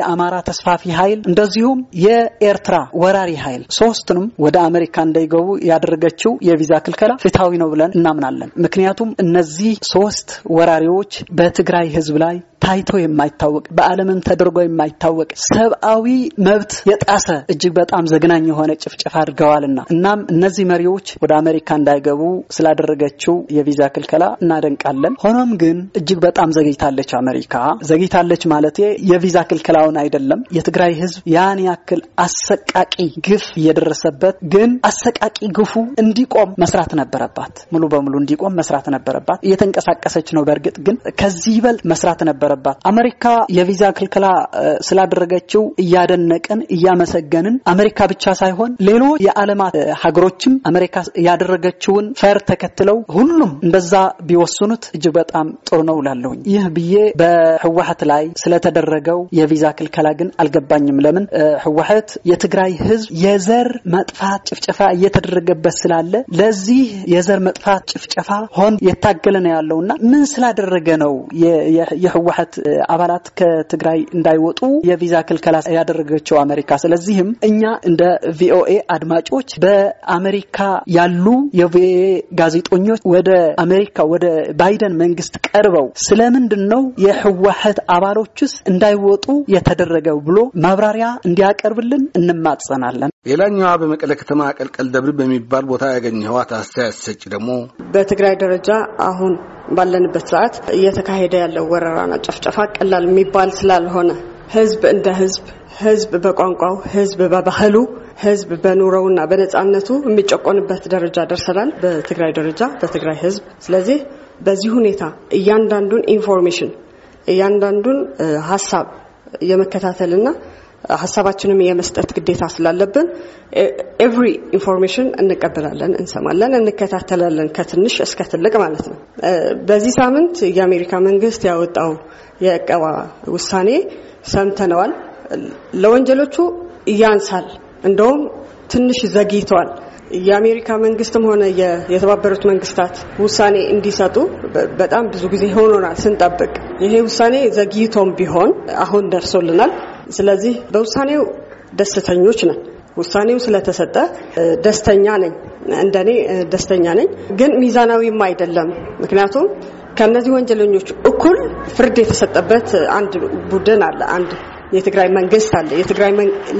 የአማራ ተስፋፊ ኃይል እንደዚሁም የኤርትራ ወራሪ ኃይል ሶስትንም ወደ አሜሪካ እንዳይገቡ ያደረገችው የቪዛ ክልከላ ፍትሐዊ ነው ብለን እናምናለን። ምክንያቱም እነዚህ ሶስት ወራሪዎች በትግራይ ህዝብ ላይ ታይቶ የማይታወቅ በዓለምም ተደርጎ የማይታወቅ ሰብአዊ መብት የጣሰ እጅግ በጣም ዘግናኝ የሆነ ጭፍጭፍ አድርገዋልና እናም እነዚህ መሪዎች ወደ አሜሪካ እንዳይገቡ ስላደረገችው የቪዛ ክልከላ እናደንቃለን። ሆኖም ግን እጅግ በጣም ዘግይታለች። አሜሪካ ዘግይታለች ማለት የቪዛ ክልከላውን አይደለም። የትግራይ ህዝብ ያን ያክል አሰቃቂ ግፍ እየደረሰበት ግን አሰቃቂ ግፉ እንዲቆም መስራት ነበረባት። ሙሉ በሙሉ እንዲቆም መስራት ነበረባት። እየተንቀሳቀሰች ነው። በእርግጥ ግን ከዚህ ይበልጥ መስራት ነበረባት። አሜሪካ የቪዛ ክልከላ ስላደረገችው እያደነቅን እያመሰገንን አሜሪካ ብቻ ሳይሆን ሌሎች የዓለማት ሀገሮችም አሜሪካ ያደረገችውን ፈር ተከትለው ሁሉም እንደዛ ቢወስኑት እጅግ በጣም ጥሩ ነው ላለውኝ። ይህ ብዬ በህወሀት ላይ ስለተደረገው የቪዛ ክልከላ ግን አልገባኝም። ለምን ህወሀት የትግራይ ህዝብ የዘር መጥፋት ጭፍጨፋ እየተደረገበት ስላለ ለዚህ የዘር መጥፋት ጭፍጨፋ ሆን የታገለ ነው እና ምን ስላደረገ ነው የህወሀት አባላት ከትግራይ እንዳይወጡ የቪዛ ክልከላ ያደረገችው አሜሪካ። ስለዚህም እኛ እንደ ቪኦኤ አድማጮች በአሜሪካ ያሉ የቪኦኤ ጋዜጠኞች ወደ አሜሪካ ወደ ባይደን መንግስት ቀርበው ስለምንድን ነው የህወሀት አባሎችስ እንዳይወጡ የተደረገው ብሎ ማብራሪያ እንዲያቀርብልን እንማጸናለን። ሌላኛዋ በመቀለ ከተማ ቀልቀል ደብር በሚባል ቦታ ያገኘኋት አስተያየት ሰጭ ደግሞ በትግራይ ደረጃ አሁን ባለንበት ሰዓት እየተካሄደ ያለው ወረራና ጨፍጨፋ ቀላል የሚባል ስላልሆነ ህዝብ እንደ ህዝብ ህዝብ በቋንቋው ህዝብ በባህሉ ህዝብ በኑሮውና በነጻነቱ የሚጨቆንበት ደረጃ ደርሰናል። በትግራይ ደረጃ በትግራይ ህዝብ። ስለዚህ በዚህ ሁኔታ እያንዳንዱን ኢንፎርሜሽን እያንዳንዱን ሀሳብ የመከታተልና ሀሳባችንም የመስጠት ግዴታ ስላለብን ኤቭሪ ኢንፎርሜሽን እንቀበላለን፣ እንሰማለን፣ እንከታተላለን ከትንሽ እስከ ትልቅ ማለት ነው። በዚህ ሳምንት የአሜሪካ መንግስት ያወጣው የእቀባ ውሳኔ ሰምተነዋል። ለወንጀሎቹ እያንሳል፣ እንደውም ትንሽ ዘግይተዋል። የአሜሪካ መንግስትም ሆነ የተባበሩት መንግስታት ውሳኔ እንዲሰጡ በጣም ብዙ ጊዜ ሆኖናል ስንጠብቅ። ይሄ ውሳኔ ዘግይቶም ቢሆን አሁን ደርሶልናል። ስለዚህ በውሳኔው ደስተኞች ነን። ውሳኔው ስለተሰጠ ደስተኛ ነኝ። እንደኔ ደስተኛ ነኝ፣ ግን ሚዛናዊም አይደለም። ምክንያቱም ከእነዚህ ወንጀለኞች እኩል ፍርድ የተሰጠበት አንድ ቡድን አለ። አንድ የትግራይ መንግስት አለ። የትግራይ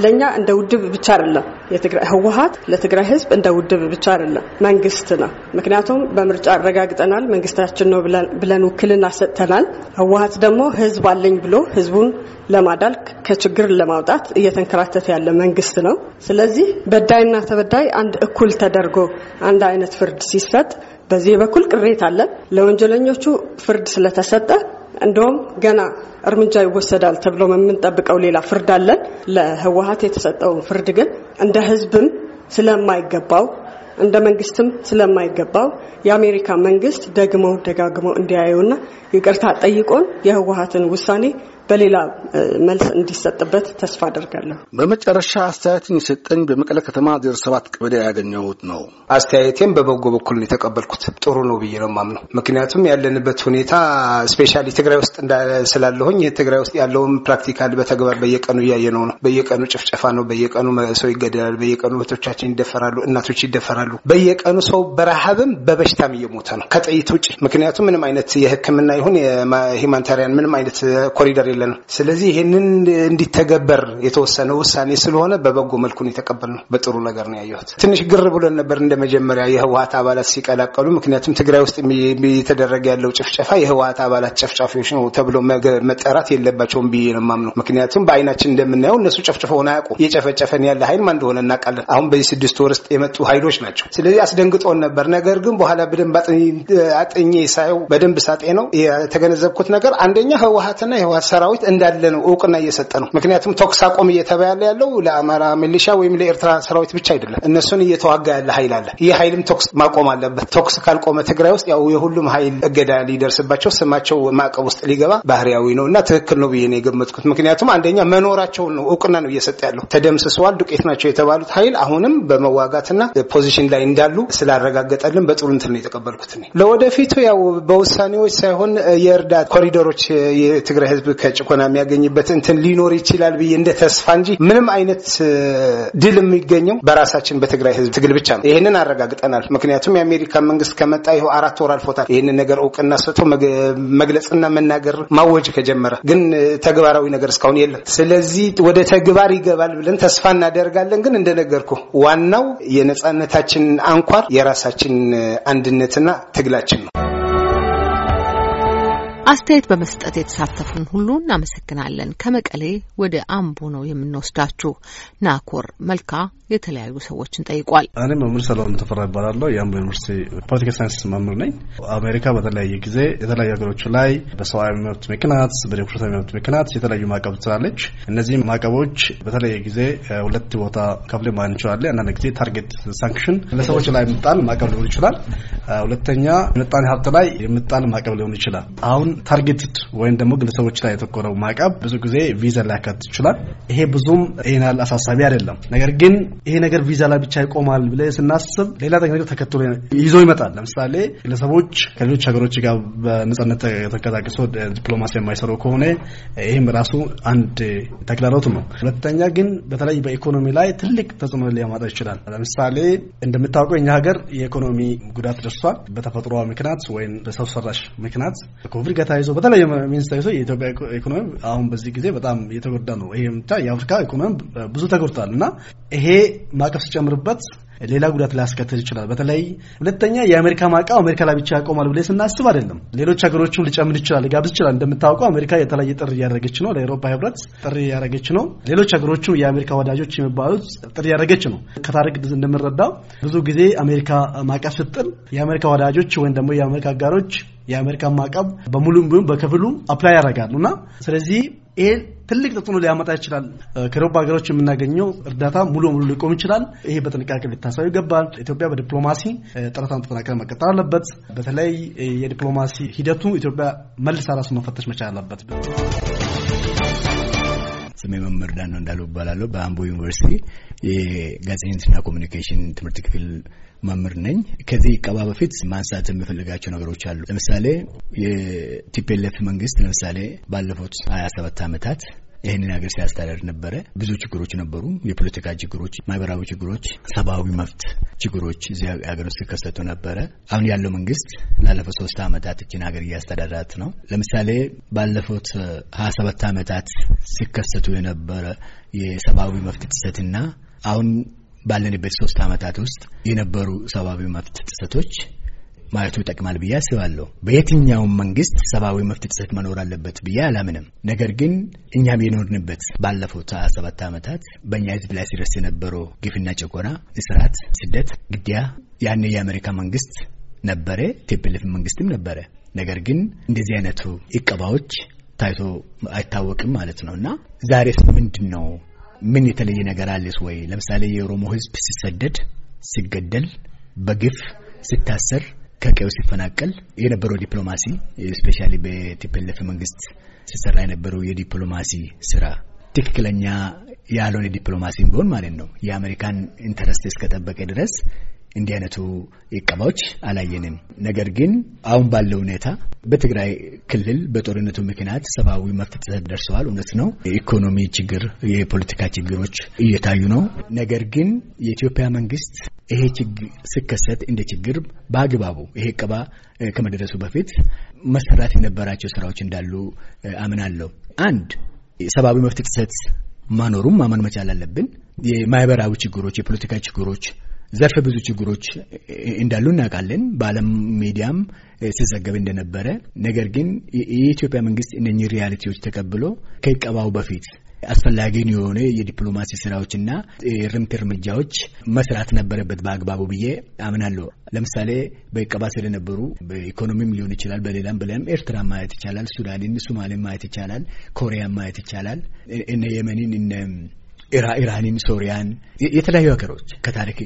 ለእኛ እንደ ውድብ ብቻ አይደለም። የትግራይ ህወሀት ለትግራይ ህዝብ እንደ ውድብ ብቻ አይደለም፣ መንግስት ነው። ምክንያቱም በምርጫ አረጋግጠናል፣ መንግስታችን ነው ብለን ውክልና ሰጥተናል። ህወሀት ደግሞ ህዝብ አለኝ ብሎ ህዝቡን ለማዳል ከችግር ለማውጣት እየተንከራተተ ያለ መንግስት ነው። ስለዚህ በዳይና ተበዳይ አንድ እኩል ተደርጎ አንድ አይነት ፍርድ ሲሰጥ በዚህ በኩል ቅሬታ አለን። ለወንጀለኞቹ ፍርድ ስለተሰጠ እንደውም ገና እርምጃ ይወሰዳል ተብሎ የምንጠብቀው ሌላ ፍርድ አለን። ለህወሀት የተሰጠው ፍርድ ግን እንደ ህዝብም ስለማይገባው እንደ መንግስትም ስለማይገባው የአሜሪካ መንግስት ደግሞ ደጋግሞ እንዲያየውና ይቅርታ ጠይቆን የህወሀትን ውሳኔ በሌላ መልስ እንዲሰጥበት ተስፋ አደርጋለሁ። በመጨረሻ አስተያየትን የሰጠኝ በመቀለ ከተማ ዜሮ ሰባት ቀበሌ ያገኘሁት ነው። አስተያየቴም በበጎ በኩል ነው የተቀበልኩት። ጥሩ ነው ብዬ ነው የማምነው። ምክንያቱም ያለንበት ሁኔታ ስፔሻሊ ትግራይ ውስጥ ስላለሁኝ ትግራይ ውስጥ ያለውን ፕራክቲካል በተግባር በየቀኑ እያየነው ነው። በየቀኑ ጭፍጨፋ ነው። በየቀኑ ሰው ይገደላል። በየቀኑ እህቶቻችን ይደፈራሉ፣ እናቶች ይደፈራሉ። በየቀኑ ሰው በረሃብም በበሽታም እየሞተ ነው ከጥይት ውጭ። ምክንያቱም ምንም አይነት የህክምና ይሁን የሂማንታሪያን ምንም አይነት ኮሪደር የለም ነው። ስለዚህ ይህንን እንዲተገበር የተወሰነ ውሳኔ ስለሆነ በበጎ መልኩ ነው የተቀበልነው። በጥሩ ነገር ነው ያየሁት። ትንሽ ግር ብሎን ነበር እንደ መጀመሪያ የህወሀት አባላት ሲቀላቀሉ፣ ምክንያቱም ትግራይ ውስጥ የተደረገ ያለው ጭፍጨፋ የህወሀት አባላት ጨፍጫፊዎች ነው ተብሎ መጠራት የለባቸውም ብዬ ነው የማምነው። ምክንያቱም በአይናችን እንደምናየው እነሱ ጨፍጭፈውን አያውቁም። የጨፈጨፈን ያለ ሀይልም እንደሆነ እናውቃለን። አሁን በዚህ ስድስት ወር ውስጥ የመጡ ሀይሎች ናቸው። ስለዚህ አስደንግጦን ነበር። ነገር ግን በኋላ በደንብ አጥኜ ሳየው በደንብ ሳጤ ነው የተገነዘብኩት ነገር አንደኛ ህወሀትና የህወሀት ሰራ ሰራዊት እንዳለ ነው እውቅና እየሰጠ ነው። ምክንያቱም ተኩስ አቁም እየተባለ ያለው ለአማራ ሚሊሻ ወይም ለኤርትራ ሰራዊት ብቻ አይደለም። እነሱን እየተዋጋ ያለ ኃይል አለ። ይህ ኃይልም ተኩስ ማቆም አለበት። ተኩስ ካልቆመ ትግራይ ውስጥ ያው የሁሉም ኃይል እገዳ ሊደርስባቸው ስማቸው ማዕቀብ ውስጥ ሊገባ ባህሪያዊ ነው እና ትክክል ነው ብዬ ነው የገመትኩት። ምክንያቱም አንደኛ መኖራቸውን ነው እውቅና ነው እየሰጠ ያለው። ተደምስሰዋል፣ ዱቄት ናቸው የተባሉት ኃይል አሁንም በመዋጋትና ፖዚሽን ላይ እንዳሉ ስላረጋገጠልን በጥሩ እንትን ነው የተቀበልኩት። ለወደፊቱ ያው በውሳኔዎች ሳይሆን የእርዳታ ኮሪደሮች የትግራይ ህዝብ ጭቆና የሚያገኝበት እንትን ሊኖር ይችላል ብዬ እንደ ተስፋ እንጂ ምንም አይነት ድል የሚገኘው በራሳችን በትግራይ ህዝብ ትግል ብቻ ነው። ይህንን አረጋግጠናል። ምክንያቱም የአሜሪካ መንግስት ከመጣ ይኸው አራት ወር አልፎታል። ይህንን ነገር እውቅና ሰጥቶ መግለጽና መናገር ማወጅ ከጀመረ ግን ተግባራዊ ነገር እስካሁን የለም። ስለዚህ ወደ ተግባር ይገባል ብለን ተስፋ እናደርጋለን። ግን እንደነገርኩ ዋናው የነጻነታችን አንኳር የራሳችን አንድነትና ትግላችን ነው። አስተያየት በመስጠት የተሳተፉን ሁሉ እናመሰግናለን። ከመቀሌ ወደ አምቦ ነው የምንወስዳችሁ። ናኮር መልካ የተለያዩ ሰዎችን ጠይቋል። እኔ መምህር ሰለሞን ተፈራ ይባላለሁ። የአምቦ ዩኒቨርሲቲ ፖለቲካ ሳይንስ መምህር ነኝ። አሜሪካ በተለያየ ጊዜ የተለያዩ ሀገሮች ላይ በሰብአዊ መብት ምክንያት፣ በዲሞክራሲያዊ መብት ምክንያት የተለያዩ ማዕቀብ ትላለች። እነዚህ ማዕቀቦች በተለያየ ጊዜ ሁለት ቦታ ከፍለ ማለት እንችላለን። አንዳንድ ጊዜ ታርጌት ሳንክሽን ለሰዎች ላይ የምጣል ማዕቀብ ሊሆን ይችላል። ሁለተኛ ምጣኔ ሀብት ላይ የምጣል ማዕቀብ ሊሆን ይችላል። አሁን ታርጌትድ ወይም ደግሞ ግለሰቦች ላይ የተኮረው ማዕቀብ ብዙ ጊዜ ቪዛ ሊያካትት ይችላል። ይሄ ብዙም ይሄን ያህል አሳሳቢ አይደለም። ነገር ግን ይሄ ነገር ቪዛ ላይ ብቻ ይቆማል ብለ ስናስብ ሌላ ነገር ተከትሎ ይዞ ይመጣል። ለምሳሌ ግለሰቦች ከሌሎች ሀገሮች ጋር በነጻነት ተንቀሳቅሶ ዲፕሎማሲ የማይሰሩ ከሆነ ይህም ራሱ አንድ ተግዳሮት ነው። ሁለተኛ ግን በተለይ በኢኮኖሚ ላይ ትልቅ ተጽዕኖ ሊያመጣ ይችላል። ለምሳሌ እንደምታውቀው እኛ ሀገር የኢኮኖሚ ጉዳት ደርሷል። በተፈጥሮ ምክንያት ወይም በሰው ሰራሽ ምክንያት ኮቪድ ጋር ተያይዞ በተለይ ሚንስ ተያይዞ የኢትዮጵያ ኢኮኖሚ አሁን በዚህ ጊዜ በጣም የተጎዳ ነው። ይሄ ብቻ የአፍሪካ ኢኮኖሚ ብዙ ተጎድቷል እና ይሄ ማዕቀፍ ሲጨምርበት ሌላ ጉዳት ሊያስከትል ይችላል። በተለይ ሁለተኛ የአሜሪካ ማዕቀብ አሜሪካ ላይ ብቻ ያቆማል ብለ ስናስብ አይደለም። ሌሎች ሀገሮችም ሊጨምር ይችላል፣ ሊጋብዝ ይችላል። እንደምታውቀው አሜሪካ የተለየ ጥሪ እያደረገች ነው፣ ለአውሮፓ ህብረት ጥሪ እያደረገች ነው። ሌሎች ሀገሮችም የአሜሪካ ወዳጆች የሚባሉት ጥሪ እያደረገች ነው። ከታሪክ እንደምንረዳው ብዙ ጊዜ አሜሪካ ማዕቀፍ ስትጥል የአሜሪካ ወዳጆች ወይም ደግሞ የአሜሪካ አጋሮች የአሜሪካን ማዕቀብ በሙሉም ቢሆን በከፊሉ አፕላይ ያደርጋሉ እና ስለዚህ ይሄ ትልቅ ተጽዕኖ ሊያመጣ ይችላል። ከረቡ ሀገሮች የምናገኘው እርዳታ ሙሉ በሙሉ ሊቆም ይችላል። ይሄ በጥንቃቄ ሊታሰብ ይገባል። ኢትዮጵያ በዲፕሎማሲ ጥረቷን ተጠናክራ መቀጠል አለበት። በተለይ የዲፕሎማሲ ሂደቱ ኢትዮጵያ መልሳ ራሱ መፈተሽ መቻል አለበት። ስሜ መምህር ነው እንዳሉ ይባላለሁ። በአምቦ ዩኒቨርሲቲ የጋዜጠኝነትና ኮሚኒኬሽን ትምህርት ክፍል መምህር ነኝ። ከዚህ ቀባ በፊት ማንሳት የምፈልጋቸው ነገሮች አሉ። ለምሳሌ የቲፒኤልኤፍ መንግስት ለምሳሌ ባለፉት ሀያ ሰባት ዓመታት ይህንን ሀገር ሲያስተዳድር ነበረ። ብዙ ችግሮች ነበሩ። የፖለቲካ ችግሮች፣ ማህበራዊ ችግሮች፣ ሰብአዊ መብት ችግሮች እዚህ ሀገር ውስጥ ሲከሰቱ ነበረ። አሁን ያለው መንግስት ላለፉት ሶስት ዓመታት እችን ሀገር እያስተዳዳት ነው። ለምሳሌ ባለፉት ሀያ ሰባት ዓመታት ሲከሰቱ የነበረ የሰብአዊ መብት ጥሰትና አሁን ባለንበት ሶስት ዓመታት ውስጥ የነበሩ ሰብአዊ መብት ጥሰቶች ማለቱ ይጠቅማል ብዬ አስባለሁ። በየትኛውም መንግስት ሰብአዊ መብት ጥሰት መኖር አለበት ብዬ አላምንም። ነገር ግን እኛም የኖርንበት ባለፉት ሀያ ሰባት ዓመታት በእኛ ህዝብ ላይ ሲደርስ የነበረው ግፍና ጭቆና፣ እስራት፣ ስደት፣ ግድያ ያን የአሜሪካ መንግስት ነበረ፣ ቴፕልፍ መንግስትም ነበረ። ነገር ግን እንደዚህ አይነቱ እቀባዎች ታይቶ አይታወቅም ማለት ነው እና ዛሬስ ምንድን ነው ምን የተለየ ነገር አለስ ወይ? ለምሳሌ የኦሮሞ ህዝብ ሲሰደድ፣ ሲገደል፣ በግፍ ሲታሰር፣ ከቀዩ ሲፈናቀል የነበረው ዲፕሎማሲ ስፔሻሊ በቲፒኤልኤፍ መንግስት ሲሰራ የነበረው የዲፕሎማሲ ስራ ትክክለኛ ያልሆነ ዲፕሎማሲ ቢሆን ማለት ነው የአሜሪካን ኢንተረስት እስከጠበቀ ድረስ እንዲህ አይነቱ ይቀማዎች አላየንም። ነገር ግን አሁን ባለው ሁኔታ በትግራይ ክልል በጦርነቱ ምክንያት ሰብአዊ መብት ጥሰት ደርሰዋል። እውነት ነው። የኢኮኖሚ ችግር፣ የፖለቲካ ችግሮች እየታዩ ነው። ነገር ግን የኢትዮጵያ መንግስት ይሄ ችግር ስከሰት እንደ ችግር በአግባቡ ይሄ ዕቀባ ከመደረሱ በፊት መሰራት የነበራቸው ስራዎች እንዳሉ አምናለሁ። አንድ ሰብአዊ መብት ጥሰት መኖሩም ማመን መቻል አለብን። የማህበራዊ ችግሮች፣ የፖለቲካ ችግሮች ዘርፈ ብዙ ችግሮች እንዳሉ እናውቃለን። በዓለም ሚዲያም ሲዘገብ እንደነበረ ነገር ግን የኢትዮጵያ መንግስት እነኚህ ሪያሊቲዎች ተቀብሎ ከይቀባው በፊት አስፈላጊን የሆነ የዲፕሎማሲ ስራዎችና ርምት እርምጃዎች መስራት ነበረበት በአግባቡ ብዬ አምናለሁ። ለምሳሌ በቀባ ስለነበሩ በኢኮኖሚም ሊሆን ይችላል፣ በሌላም በሌላም ኤርትራ ማየት ይቻላል፣ ሱዳንን፣ ሱማሌን ማየት ይቻላል፣ ኮሪያን ማየት ይቻላል፣ እነ የመንን እነ ኢራንን፣ ሶሪያን፣ የተለያዩ ሀገሮች ከታሪክ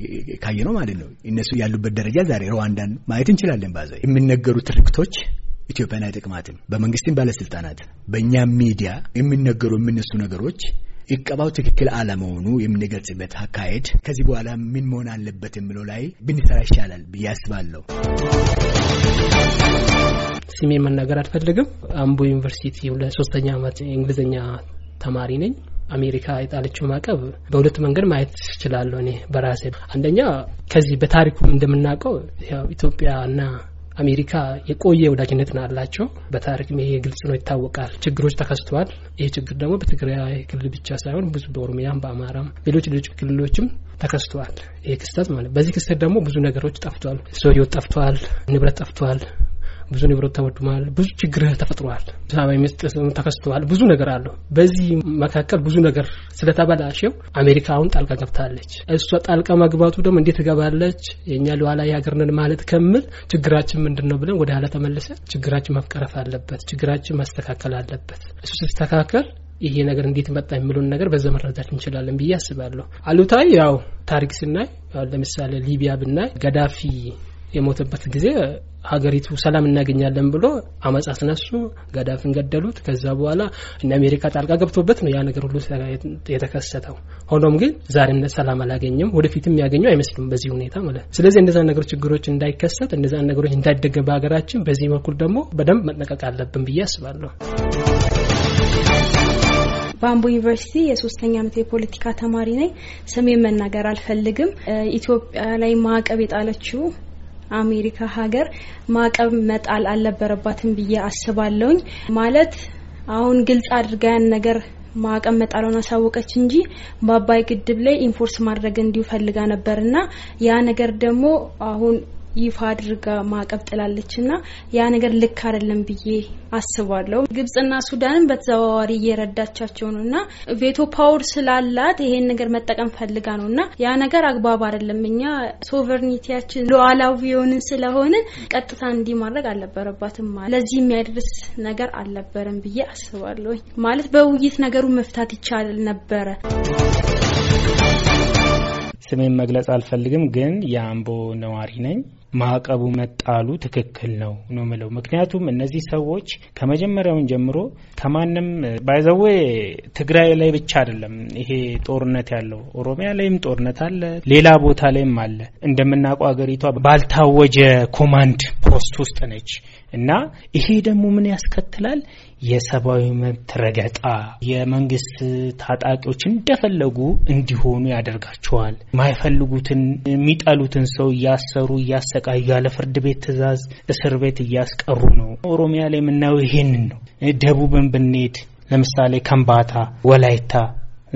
ካየ ነው ማለት ነው። እነሱ ያሉበት ደረጃ ዛሬ ሩዋንዳን ማየት እንችላለን። ባዘ የሚነገሩ ትርክቶች ኢትዮጵያን አይጠቅማትም። በመንግስትም ባለስልጣናት፣ በእኛም ሚዲያ የሚነገሩ የሚነሱ ነገሮች ይቀባው ትክክል አለመሆኑ የምንገልጽበት አካሄድ ከዚህ በኋላ ምን መሆን አለበት የሚለው ላይ ብንሰራ ይሻላል ብዬ አስባለሁ። ስሜ መናገር አልፈልግም። አምቦ ዩኒቨርሲቲ ለሶስተኛ ዓመት እንግሊዝኛ ተማሪ ነኝ። አሜሪካ የጣለችው ማዕቀብ በሁለት መንገድ ማየት ይችላለሁ። እኔ በራሴ አንደኛ ከዚህ በታሪኩም እንደምናውቀው ያው ኢትዮጵያና አሜሪካ የቆየ ወዳጅነት ነው አላቸው። በታሪክም ይሄ ግልጽ ነው፣ ይታወቃል። ችግሮች ተከስተዋል። ይሄ ችግር ደግሞ በትግራይ ክልል ብቻ ሳይሆን ብዙ በኦሮሚያም፣ በአማራም፣ ሌሎች ሌሎች ክልሎችም ተከስተዋል። ይሄ ክስተት ማለት በዚህ ክስተት ደግሞ ብዙ ነገሮች ጠፍቷል። ሰውየው ጠፍቷል፣ ንብረት ጠፍቷል፣ ብዙ ንብረት ተወድሟል፣ ብዙ ችግር ተፈጥሯል፣ አዲስ አበባ ተከስተዋል፣ ብዙ ነገር አለው። በዚህ መካከል ብዙ ነገር ስለተበላሸው አሜሪካ አሁን ጣልቃ ገብታለች። እሷ ጣልቃ መግባቱ ደግሞ እንዴት ገባለች? የእኛ ሉዓላዊ ሀገር ነን ማለት ከምል ችግራችን ምንድን ነው ብለን ወደ ኋላ ተመልሰ ችግራችን መቀረፍ አለበት፣ ችግራችን ማስተካከል አለበት። እሱ ሲስተካከል ይሄ ነገር እንዴት መጣ የሚለውን ነገር በዛ መረዳት እንችላለን ብዬ አስባለሁ። አሉታዊ ያው ታሪክ ስናይ ለምሳሌ ሊቢያ ብናይ ገዳፊ የሞተበት ጊዜ ሀገሪቱ ሰላም እናገኛለን ብሎ አመፅ አስነሱ። ጋዳፊን ገደሉት። ከዛ በኋላ እነ አሜሪካ ጣልቃ ገብቶበት ነው ያ ነገር ሁሉ የተከሰተው። ሆኖም ግን ዛሬነት ሰላም አላገኘም፣ ወደፊትም ያገኘው አይመስልም በዚህ ሁኔታ ማለት ስለዚህ እንደዛ ነገር ችግሮች እንዳይከሰት እንደዛ ነገሮች እንዳይደገ በሀገራችን በዚህ በኩል ደግሞ በደንብ መጠንቀቅ አለብን ብዬ አስባለሁ። በአምቦ ዩኒቨርሲቲ የሶስተኛ ዓመት የፖለቲካ ተማሪ ነኝ። ስሜን መናገር አልፈልግም። ኢትዮጵያ ላይ ማዕቀብ የጣለችው አሜሪካ ሀገር ማዕቀብ መጣል አልነበረባትም ብዬ አስባለሁኝ። ማለት አሁን ግልጽ አድርጋ ያን ነገር ማዕቀብ መጣሏን አሳወቀች እንጂ በአባይ ግድብ ላይ ኢንፎርስ ማድረግ እንዲሁ ፈልጋ ነበርና ያ ነገር ደግሞ አሁን ይፋ አድርጋ ማዕቀብ ጥላለች እና ያ ነገር ልክ አይደለም ብዬ አስባለሁ። ግብጽና ሱዳንን በተዘዋዋሪ እየረዳቻቸው ነው እና ቬቶ ፓወር ስላላት ይሄን ነገር መጠቀም ፈልጋ ነው እና ያ ነገር አግባብ አይደለም። እኛ ሶቨርኒቲያችን ሉዓላዊ የሆንን ስለሆነ ቀጥታ እንዲህ ማድረግ አልነበረባትም። ለዚህ የሚያደርስ ነገር አልነበረም ብዬ አስባለሁ። ማለት በውይይት ነገሩ መፍታት ይቻላል ነበረ። ስሜን መግለጽ አልፈልግም፣ ግን የአምቦ ነዋሪ ነኝ። ማዕቀቡ መጣሉ ትክክል ነው ነው ምለው። ምክንያቱም እነዚህ ሰዎች ከመጀመሪያውን ጀምሮ ከማንም ባይዘዌ ትግራይ ላይ ብቻ አይደለም ይሄ ጦርነት ያለው፣ ኦሮሚያ ላይም ጦርነት አለ፣ ሌላ ቦታ ላይም አለ። እንደምናውቀው ሀገሪቷ ባልታወጀ ኮማንድ ፖስት ውስጥ ነች እና ይሄ ደግሞ ምን ያስከትላል? የሰብአዊ መብት ረገጣ፣ የመንግስት ታጣቂዎች እንደፈለጉ እንዲሆኑ ያደርጋቸዋል። ማይፈልጉትን የሚጠሉትን ሰው እያሰሩ እያሰቃዩ ያለ ፍርድ ቤት ትዕዛዝ እስር ቤት እያስቀሩ ነው። ኦሮሚያ ላይ የምናየው ይሄንን ነው። ደቡብን ብንሄድ ለምሳሌ ከምባታ፣ ወላይታ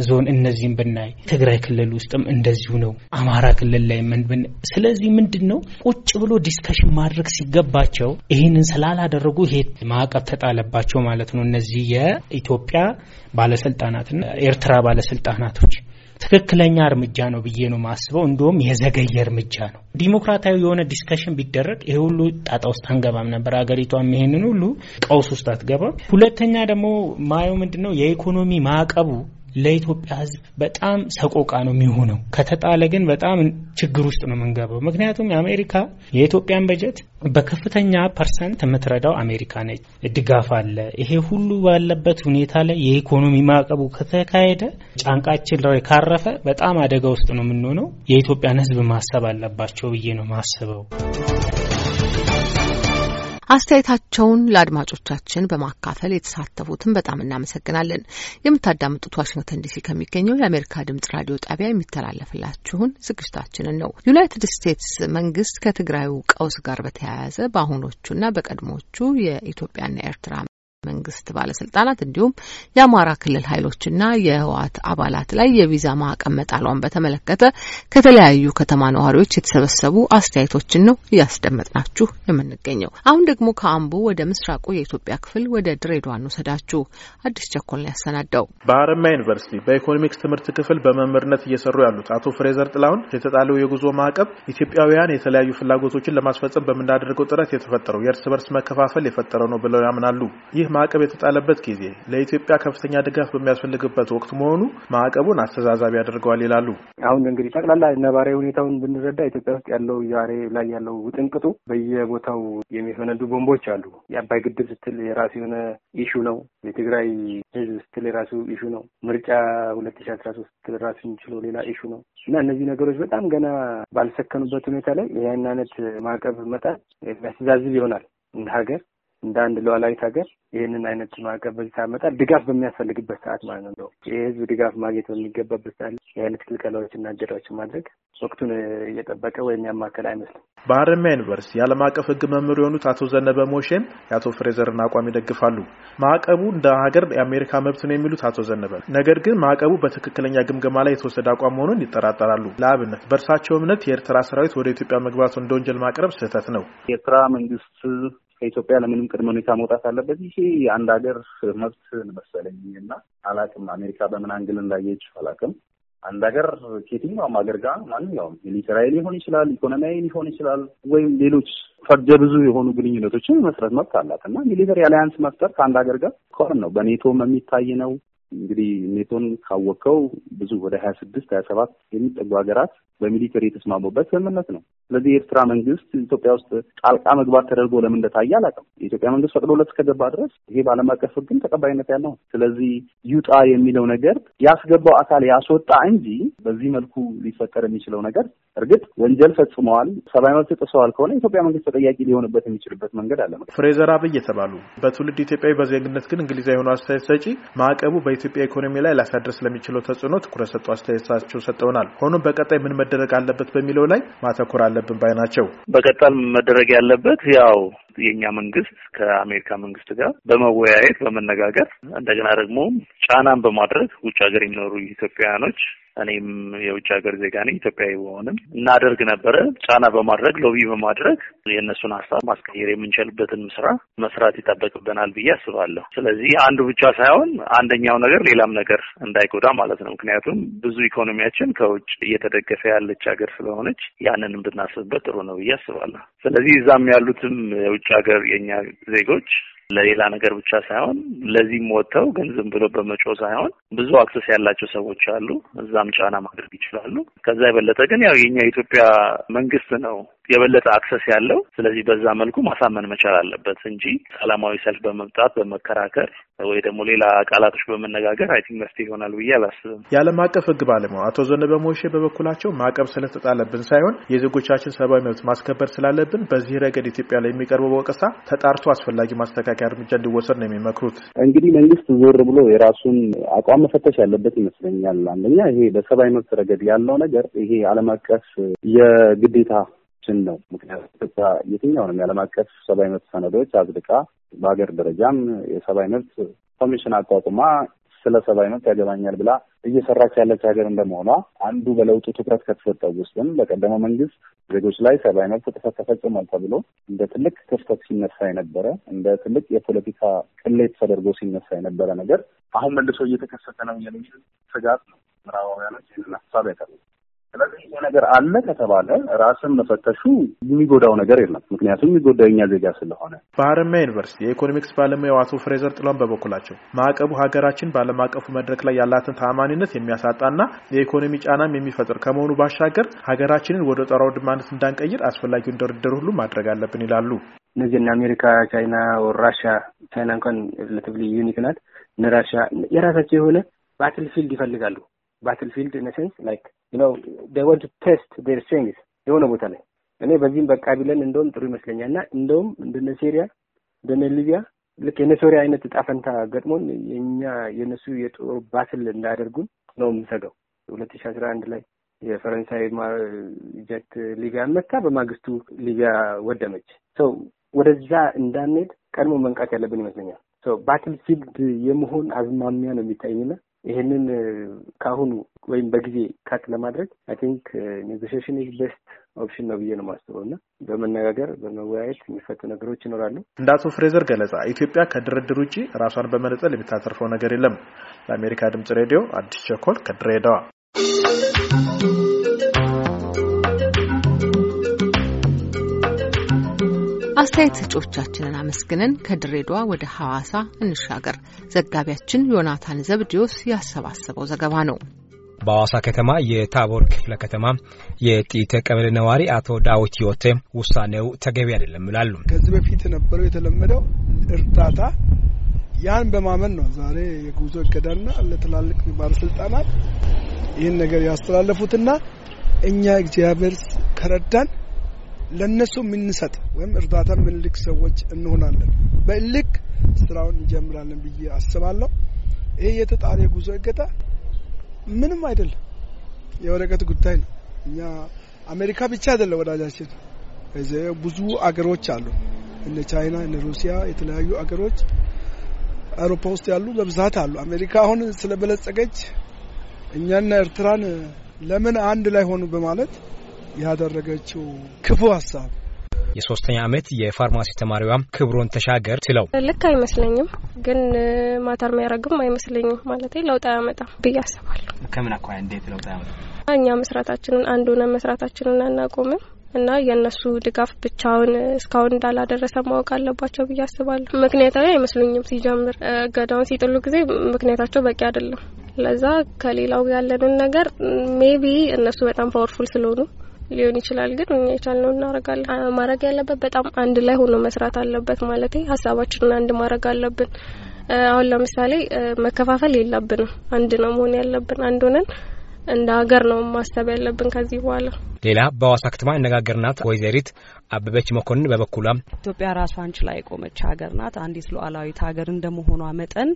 ዞን እነዚህም ብናይ ትግራይ ክልል ውስጥም እንደዚሁ ነው። አማራ ክልል ላይ ምን ብን ስለዚህ ምንድን ነው ቁጭ ብሎ ዲስከሽን ማድረግ ሲገባቸው ይህንን ስላላደረጉ ይሄ ማዕቀብ ተጣለባቸው ማለት ነው። እነዚህ የኢትዮጵያ ባለስልጣናትና ኤርትራ ባለስልጣናቶች ትክክለኛ እርምጃ ነው ብዬ ነው ማስበው። እንዲሁም የዘገየ እርምጃ ነው። ዲሞክራታዊ የሆነ ዲስከሽን ቢደረግ ይሄ ሁሉ ጣጣ ውስጥ አንገባም ነበር። አገሪቷም ይሄንን ሁሉ ቀውስ ውስጥ አትገባም። ሁለተኛ ደግሞ ማየው ምንድን ነው የኢኮኖሚ ማዕቀቡ ለኢትዮጵያ ሕዝብ በጣም ሰቆቃ ነው የሚሆነው። ከተጣለ ግን በጣም ችግር ውስጥ ነው የምንገባው። ምክንያቱም አሜሪካ የኢትዮጵያን በጀት በከፍተኛ ፐርሰንት የምትረዳው አሜሪካ ነች። ድጋፍ አለ። ይሄ ሁሉ ባለበት ሁኔታ ላይ የኢኮኖሚ ማዕቀቡ ከተካሄደ ጫንቃችን ላይ ካረፈ በጣም አደጋ ውስጥ ነው የምንሆነው። የኢትዮጵያን ሕዝብ ማሰብ አለባቸው ብዬ ነው ማስበው። አስተያየታቸውን ለአድማጮቻችን በማካፈል የተሳተፉትን በጣም እናመሰግናለን። የምታዳምጡት ዋሽንግተን ዲሲ ከሚገኘው የአሜሪካ ድምጽ ራዲዮ ጣቢያ የሚተላለፍላችሁን ዝግጅታችንን ነው። ዩናይትድ ስቴትስ መንግስት ከትግራዩ ቀውስ ጋር በተያያዘ በአሁኖቹና በቀድሞቹ የኢትዮጵያና ኤርትራ መንግስት ባለስልጣናት እንዲሁም የአማራ ክልል ኃይሎችና የህወሓት አባላት ላይ የቪዛ ማዕቀብ መጣሏን በተመለከተ ከተለያዩ ከተማ ነዋሪዎች የተሰበሰቡ አስተያየቶችን ነው እያስደመጥናችሁ የምንገኘው። አሁን ደግሞ ከአምቦ ወደ ምስራቁ የኢትዮጵያ ክፍል ወደ ድሬዳዋ እንውሰዳችሁ። አዲስ ቸኮል ያሰናዳው። በሀረማያ ዩኒቨርሲቲ በኢኮኖሚክስ ትምህርት ክፍል በመምህርነት እየሰሩ ያሉት አቶ ፍሬዘር ጥላሁን የተጣለው የጉዞ ማዕቀብ ኢትዮጵያውያን የተለያዩ ፍላጎቶችን ለማስፈጸም በምናደርገው ጥረት የተፈጠረው የእርስ በርስ መከፋፈል የፈጠረው ነው ብለው ያምናሉ። ይህ ማዕቀብ የተጣለበት ጊዜ ለኢትዮጵያ ከፍተኛ ድጋፍ በሚያስፈልግበት ወቅት መሆኑ ማዕቀቡን አስተዛዛቢ ያደርገዋል ይላሉ። አሁን እንግዲህ ጠቅላላ ነባራዊ ሁኔታውን ብንረዳ ኢትዮጵያ ውስጥ ያለው ዛሬ ላይ ያለው ውጥንቅጡ በየቦታው የሚፈነዱ ቦምቦች አሉ። የአባይ ግድብ ስትል የራሱ የሆነ ኢሹ ነው። የትግራይ ህዝብ ስትል የራሱ ኢሹ ነው። ምርጫ ሁለት ሺ አስራ ሶስት ስትል ራሱ ችሎ ሌላ ኢሹ ነው እና እነዚህ ነገሮች በጣም ገና ባልሰከኑበት ሁኔታ ላይ ይህን አይነት ማዕቀብ መጣል የሚያስተዛዝብ ይሆናል እንደ ሀገር እንደ አንድ ሉዓላዊት ሀገር ይህንን አይነት ማዕቀብ በዚህ ታመጣል ድጋፍ በሚያስፈልግበት ሰዓት ማለት ነው። የህዝብ ድጋፍ ማግኘት በሚገባበት ሰዓት የአይነት እና እገዳዎችን ማድረግ ወቅቱን እየጠበቀ ወይም ያማከል አይመስልም። በሀረማያ ዩኒቨርሲቲ የዓለም አቀፍ ህግ መምር የሆኑት አቶ ዘነበ ሞሼም የአቶ ፍሬዘርን አቋም ይደግፋሉ። ማዕቀቡ እንደ ሀገር የአሜሪካ መብት ነው የሚሉት አቶ ዘነበ፣ ነገር ግን ማዕቀቡ በትክክለኛ ግምገማ ላይ የተወሰደ አቋም መሆኑን ይጠራጠራሉ። ለአብነት በእርሳቸው እምነት የኤርትራ ሰራዊት ወደ ኢትዮጵያ መግባቱ እንደ ወንጀል ማቅረብ ስህተት ነው። የኤርትራ መንግስት ከኢትዮጵያ ለምንም ቅድመ ሁኔታ መውጣት አለበት። ይሄ የአንድ ሀገር መብት መሰለኝ እና አላቅም፣ አሜሪካ በምን አንግል እንዳየች አላቅም። አንድ ሀገር ከየትኛውም ሀገር ጋር ማንኛውም ሚሊተራዊ ሊሆን ይችላል፣ ኢኮኖሚያዊ ሊሆን ይችላል፣ ወይም ሌሎች ፈርጀ ብዙ የሆኑ ግንኙነቶችን መስረት መብት አላት እና ሚሊተሪ አሊያንስ መፍጠር ከአንድ ሀገር ጋር ከሆን ነው በኔቶም የሚታይ ነው። እንግዲህ ኔቶን ካወቀው ብዙ ወደ ሀያ ስድስት ሀያ ሰባት የሚጠጉ ሀገራት በሚሊተሪ የተስማሙበት ስምምነት ነው። ስለዚህ የኤርትራ መንግስት ኢትዮጵያ ውስጥ ጣልቃ መግባት ተደርጎ ለምን እንደታየ አላውቅም። የኢትዮጵያ መንግስት ፈቅዶለት እስከገባ ድረስ ይሄ በዓለም አቀፍ ሕግም ተቀባይነት ያለው ስለዚህ ይውጣ የሚለው ነገር ያስገባው አካል ያስወጣ እንጂ በዚህ መልኩ ሊፈጠር የሚችለው ነገር እርግጥ ወንጀል ፈጽመዋል፣ ሰብአዊ መብት ጥሰዋል ከሆነ ኢትዮጵያ መንግስት ተጠያቂ ሊሆንበት የሚችልበት መንገድ አለ። ፍሬዘር አብይ የተባሉ በትውልድ ኢትዮጵያዊ በዜግነት ግን እንግሊዛዊ የሆኑ አስተያየት ሰጪ ማዕቀቡ በ በኢትዮጵያ ኢኮኖሚ ላይ ሊያሳድር ስለሚችለው ተጽዕኖ ትኩረት ሰጡ አስተያየታቸው ሰጠውናል። ሆኖም በቀጣይ ምን መደረግ አለበት በሚለው ላይ ማተኮር አለብን ባይ ናቸው። በቀጣል መደረግ ያለበት ያው የእኛ መንግስት ከአሜሪካ መንግስት ጋር በመወያየት በመነጋገር እንደገና ደግሞ ጫናን በማድረግ ውጭ ሀገር የሚኖሩ ኢትዮጵያውያኖች እኔም የውጭ ሀገር ዜጋ ነኝ፣ ኢትዮጵያዊ በሆንም እናደርግ ነበረ። ጫና በማድረግ ሎቢ በማድረግ የእነሱን ሀሳብ ማስቀየር የምንችልበትን ስራ መስራት ይጠበቅብናል ብዬ አስባለሁ። ስለዚህ አንዱ ብቻ ሳይሆን አንደኛው ነገር ሌላም ነገር እንዳይጎዳ ማለት ነው። ምክንያቱም ብዙ ኢኮኖሚያችን ከውጭ እየተደገፈ ያለች ሀገር ስለሆነች ያንን ብናስብበት ጥሩ ነው ብዬ አስባለሁ። ስለዚህ እዛም ያሉትም የውጭ የውጭ ሀገር የእኛ ዜጎች ለሌላ ነገር ብቻ ሳይሆን ለዚህም ወጥተው ግን ዝም ብሎ በመጮ ሳይሆን ብዙ አክሰስ ያላቸው ሰዎች አሉ። እዛም ጫና ማድረግ ይችላሉ። ከዛ የበለጠ ግን ያው የኛ የኢትዮጵያ መንግስት ነው የበለጠ አክሰስ ያለው። ስለዚህ በዛ መልኩ ማሳመን መቻል አለበት እንጂ ሰላማዊ ሰልፍ በመምጣት በመከራከር ወይ ደግሞ ሌላ ቃላቶች በመነጋገር አይ ቲንክ መፍትሄ ይሆናል ብዬ አላስብም። የዓለም አቀፍ ሕግ ባለሙያው አቶ ዘነበ ሞሼ በበኩላቸው ማዕቀብ ስለተጣለብን ሳይሆን የዜጎቻችን ሰብአዊ መብት ማስከበር ስላለብን በዚህ ረገድ ኢትዮጵያ ላይ የሚቀርበው ወቀሳ ተጣርቶ አስፈላጊ ማስተካከያ እርምጃ እንዲወሰድ ነው የሚመክሩት። እንግዲህ መንግስት ዞር ብሎ የራሱን አቋም መፈተሽ ያለበት ይመስለኛል። አንደኛ ይሄ በሰብአዊ መብት ረገድ ያለው ነገር ይሄ ዓለም አቀፍ የግዴታ ችን ነው። ምክንያቱም ኢትዮጵያ የትኛውንም የዓለም አቀፍ ሰብአዊ መብት ሰነዶች አጽድቃ በሀገር ደረጃም የሰብአዊ መብት ኮሚሽን አቋቁማ ስለ ሰብአዊ መብት ያገባኛል ብላ እየሰራች ያለች ሀገር እንደመሆኗ አንዱ በለውጡ ትኩረት ከተሰጠው ውስጥም በቀደመው መንግስት ዜጎች ላይ ሰብአዊ መብት ጥሰት ተፈጽሟል ተብሎ እንደ ትልቅ ክፍተት ሲነሳ የነበረ እንደ ትልቅ የፖለቲካ ቅሌት ተደርጎ ሲነሳ የነበረ ነገር አሁን መልሶ እየተከሰተ ነው የሚል ስጋት ነው ምዕራባውያኖች ይህንን ሀሳብ ያቀርቡ ስለዚህ ነገር አለ ከተባለ ራስን መፈተሹ የሚጎዳው ነገር የለም። ምክንያቱም የሚጎዳው የኛ ዜጋ ስለሆነ። በሀረማያ ዩኒቨርሲቲ የኢኮኖሚክስ ባለሙያው አቶ ፍሬዘር ጥሎን በበኩላቸው ማዕቀቡ ሀገራችን በዓለም አቀፉ መድረክ ላይ ያላትን ተአማኒነት የሚያሳጣና የኢኮኖሚ ጫናም የሚፈጥር ከመሆኑ ባሻገር ሀገራችንን ወደ ጦር አውድማነት እንዳንቀይር አስፈላጊውን ድርድር ሁሉ ማድረግ አለብን ይላሉ። እነዚህ አሜሪካ፣ ቻይና፣ ራሽያ ቻይና እንኳን ሪሌቲቭሊ ዩኒክ ናት። ራሽያ የራሳቸው የሆነ ባትል ፊልድ ይፈልጋሉ ባትልፊልድ ኢነሴንስ ላይክ ነው ወንት ቴስት ዴር ስትሬንግስ የሆነ ቦታ ላይ እኔ በዚህም በቃ ቢለን እንደውም ጥሩ ይመስለኛል። እና እንደውም እንደነ ሴሪያ እንደነ ሊቢያ ልክ የነሶሪያ አይነት እጣ ገጥሞን የእኛ የነሱ የጦር ባትል እንዳያደርጉን ነው የምሰጋው። ሁለት ሺ አስራ አንድ ላይ የፈረንሳይ ጀት ሊቢያ መታ፣ በማግስቱ ሊቢያ ወደመች። ሰው ወደዛ እንዳንሄድ ቀድሞ መንቃት ያለብን ይመስለኛል። ባትል ፊልድ የመሆን አዝማሚያ ነው የሚታይና ይህንን ከአሁኑ ወይም በጊዜ ካት ለማድረግ አይ ቲንክ ኔጎሽሽን ኢዝ ቤስት ኦፕሽን ነው ብዬ ነው ማስበው እና በመነጋገር በመወያየት የሚፈቱ ነገሮች ይኖራሉ። እንደ አቶ ፍሬዘር ገለጻ ኢትዮጵያ ከድርድር ውጭ ራሷን በመነጠል የምታተርፈው ነገር የለም። ለአሜሪካ ድምጽ ሬዲዮ አዲስ ቸኮል ከድሬዳዋ አስተያየት ሰጪዎቻችንን አመስግነን ከድሬዳዋ ወደ ሐዋሳ እንሻገር። ዘጋቢያችን ዮናታን ዘብዲዮስ ያሰባሰበው ዘገባ ነው። በሐዋሳ ከተማ የታቦር ክፍለ ከተማ የጢተ ቀበሌ ነዋሪ አቶ ዳዊት ዮቴ ውሳኔው ተገቢ አይደለም ይላሉ። ከዚህ በፊት የነበረው የተለመደው እርዳታ ያን በማመን ነው ዛሬ የጉዞ እገዳና ለትላልቅ ባለስልጣናት ይህን ነገር ያስተላለፉትና እኛ እግዚአብሔር ከረዳን ለነሱ የምንሰጥ ወይም እርዳታ የምንልክ ሰዎች እንሆናለን። በልክ ስራውን እንጀምራለን ብዬ አስባለሁ። ይሄ የተጣሪ ጉዞ እገታ ምንም አይደለም፣ የወረቀት ጉዳይ ነው። እኛ አሜሪካ ብቻ አይደለም ወዳጃችን፣ ብዙ አገሮች አሉ፣ እነ ቻይና፣ እነ ሩሲያ፣ የተለያዩ አገሮች አውሮፓ ውስጥ ያሉ በብዛት አሉ። አሜሪካ አሁን ስለበለጸገች እኛና ኤርትራን ለምን አንድ ላይ ሆኑ በማለት ያደረገችው ክፉ ሀሳብ የሶስተኛ ዓመት የፋርማሲ ተማሪዋ ክብሮን ተሻገር ትለው ልክ አይመስለኝም፣ ግን ማተር የሚያደርግም አይመስለኝም። ማለት ለውጥ አያመጣም ብዬ አስባለሁ። ከምን አኳ እንዴት ለውጥ አያመጣም? እኛ መስራታችንን አንድ ሆነ መስራታችንን አናቆምም እና የእነሱ ድጋፍ ብቻውን እስካሁን እንዳላደረሰ ማወቅ አለባቸው ብዬ አስባለሁ። ምክንያታዊ አይመስሉኝም። ሲጀምር እገዳውን ሲጥሉ ጊዜ ምክንያታቸው በቂ አይደለም። ለዛ ከሌላው ያለንን ነገር ሜቢ እነሱ በጣም ፓወርፉል ስለሆኑ ሊሆን ይችላል። ግን እኛ የቻልነው እናረጋለን። ማድረግ ያለበት በጣም አንድ ላይ ሆኖ መስራት አለበት ማለት ሀሳባችንን አንድ ማድረግ አለብን። አሁን ለምሳሌ መከፋፈል የለብንም። አንድ ነው መሆን ያለብን። አንድ ሆነን እንደ ሀገር ነው ማሰብ ያለብን ከዚህ በኋላ ሌላ በአዋሳ ከተማ ያነጋገርናት ወይዘሪት አበበች መኮንን በበኩሏ ኢትዮጵያ ራሷን ችላ የቆመች ሀገር ናት። አንዲት ሉዓላዊት ሀገር እንደመሆኗ መጠን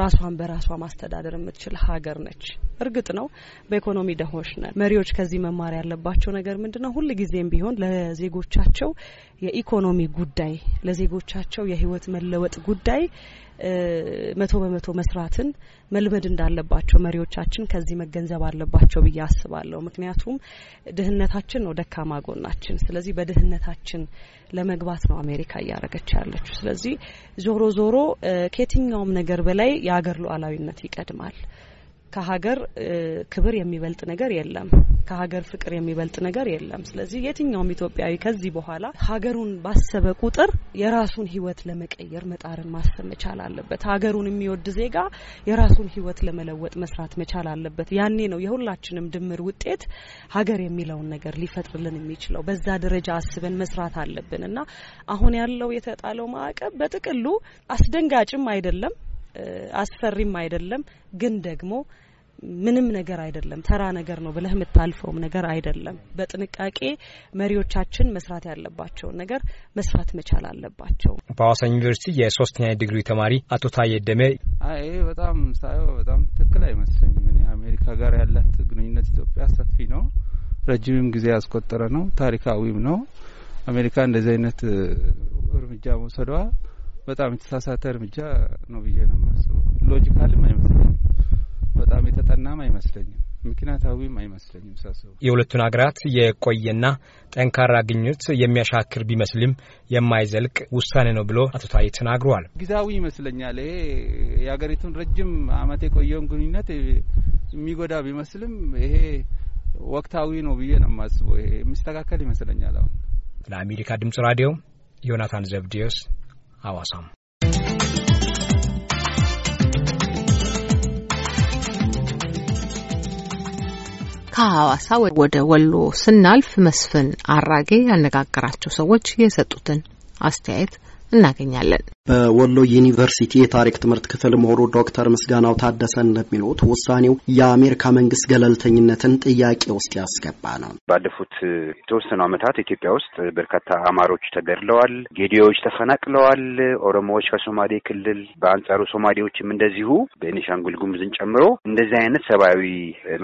ራሷን በራሷ ማስተዳደር የምትችል ሀገር ነች። እርግጥ ነው በኢኮኖሚ ደሆች ነን። መሪዎች ከዚህ መማር ያለባቸው ነገር ምንድን ነው? ጊዜም ቢሆን ለዜጎቻቸው የኢኮኖሚ ጉዳይ፣ ለዜጎቻቸው የህይወት መለወጥ ጉዳይ መቶ በመቶ መስራትን መልመድ እንዳለባቸው መሪዎቻችን ከዚህ መገንዘብ አለባቸው ብዬ አስባለሁ። ምክንያቱም ድህነ ድህነታችን ነው ደካማ ጎናችን። ስለዚህ በድህነታችን ለመግባት ነው አሜሪካ እያደረገች ያለችው። ስለዚህ ዞሮ ዞሮ ከየትኛውም ነገር በላይ የሀገር ሉዓላዊነት ይቀድማል። ከሀገር ክብር የሚበልጥ ነገር የለም። ከሀገር ፍቅር የሚበልጥ ነገር የለም። ስለዚህ የትኛውም ኢትዮጵያዊ ከዚህ በኋላ ሀገሩን ባሰበ ቁጥር የራሱን ሕይወት ለመቀየር መጣርን ማሰብ መቻል አለበት። ሀገሩን የሚወድ ዜጋ የራሱን ሕይወት ለመለወጥ መስራት መቻል አለበት። ያኔ ነው የሁላችንም ድምር ውጤት ሀገር የሚለውን ነገር ሊፈጥርልን የሚችለው። በዛ ደረጃ አስበን መስራት አለብን እና አሁን ያለው የተጣለው ማዕቀብ በጥቅሉ አስደንጋጭም አይደለም አስፈሪም አይደለም፣ ግን ደግሞ ምንም ነገር አይደለም። ተራ ነገር ነው ብለህ የምታልፈውም ነገር አይደለም። በጥንቃቄ መሪዎቻችን መስራት ያለባቸውን ነገር መስራት መቻል አለባቸው። በሀዋሳ ዩኒቨርሲቲ የሶስተኛ ዲግሪ ተማሪ አቶ ታዬ ደመ ይሄ በጣም ሳየው በጣም ትክክል አይመስለኝም። አሜሪካ ጋር ያላት ግንኙነት ኢትዮጵያ ሰፊ ነው፣ ረጅምም ጊዜ ያስቆጠረ ነው፣ ታሪካዊም ነው። አሜሪካ እንደዚህ አይነት እርምጃ መውሰዷ በጣም የተሳሳተ እርምጃ ነው ብዬ ነው የማስበው። ሎጂካልም አይመስለኝም፣ በጣም የተጠናም አይመስለኝም፣ ምክንያታዊም አይመስለኝም ሳስበው። የሁለቱን ሀገራት የቆየና ጠንካራ ግንኙነት የሚያሻክር ቢመስልም የማይዘልቅ ውሳኔ ነው ብሎ አቶ ታዬ ተናግረዋል። ጊዜያዊ ይመስለኛል። ይሄ የሀገሪቱን ረጅም ዓመት የቆየውን ግንኙነት የሚጎዳ ቢመስልም ይሄ ወቅታዊ ነው ብዬ ነው የማስበው። ይሄ የሚስተካከል ይመስለኛል። አሁን ለአሜሪካ ድምጽ ራዲዮ ዮናታን ዘብዲዮስ አዋሳም ከሐዋሳ ወደ ወሎ ስናልፍ መስፍን አራጌ ያነጋገራቸው ሰዎች የሰጡትን አስተያየት እናገኛለን። በወሎ ዩኒቨርሲቲ የታሪክ ትምህርት ክፍል ምሁሩ ዶክተር ምስጋናው ታደሰ እንደሚሉት ውሳኔው የአሜሪካ መንግስት ገለልተኝነትን ጥያቄ ውስጥ ያስገባ ነው። ባለፉት የተወሰኑ ዓመታት ኢትዮጵያ ውስጥ በርካታ አማሮች ተገድለዋል፣ ጌዲዎች ተፈናቅለዋል፣ ኦሮሞዎች ከሶማሌ ክልል በአንጻሩ ሶማሌዎችም እንደዚሁ በቤኒሻንጉል ጉሙዝን ጨምሮ እንደዚህ አይነት ሰብአዊ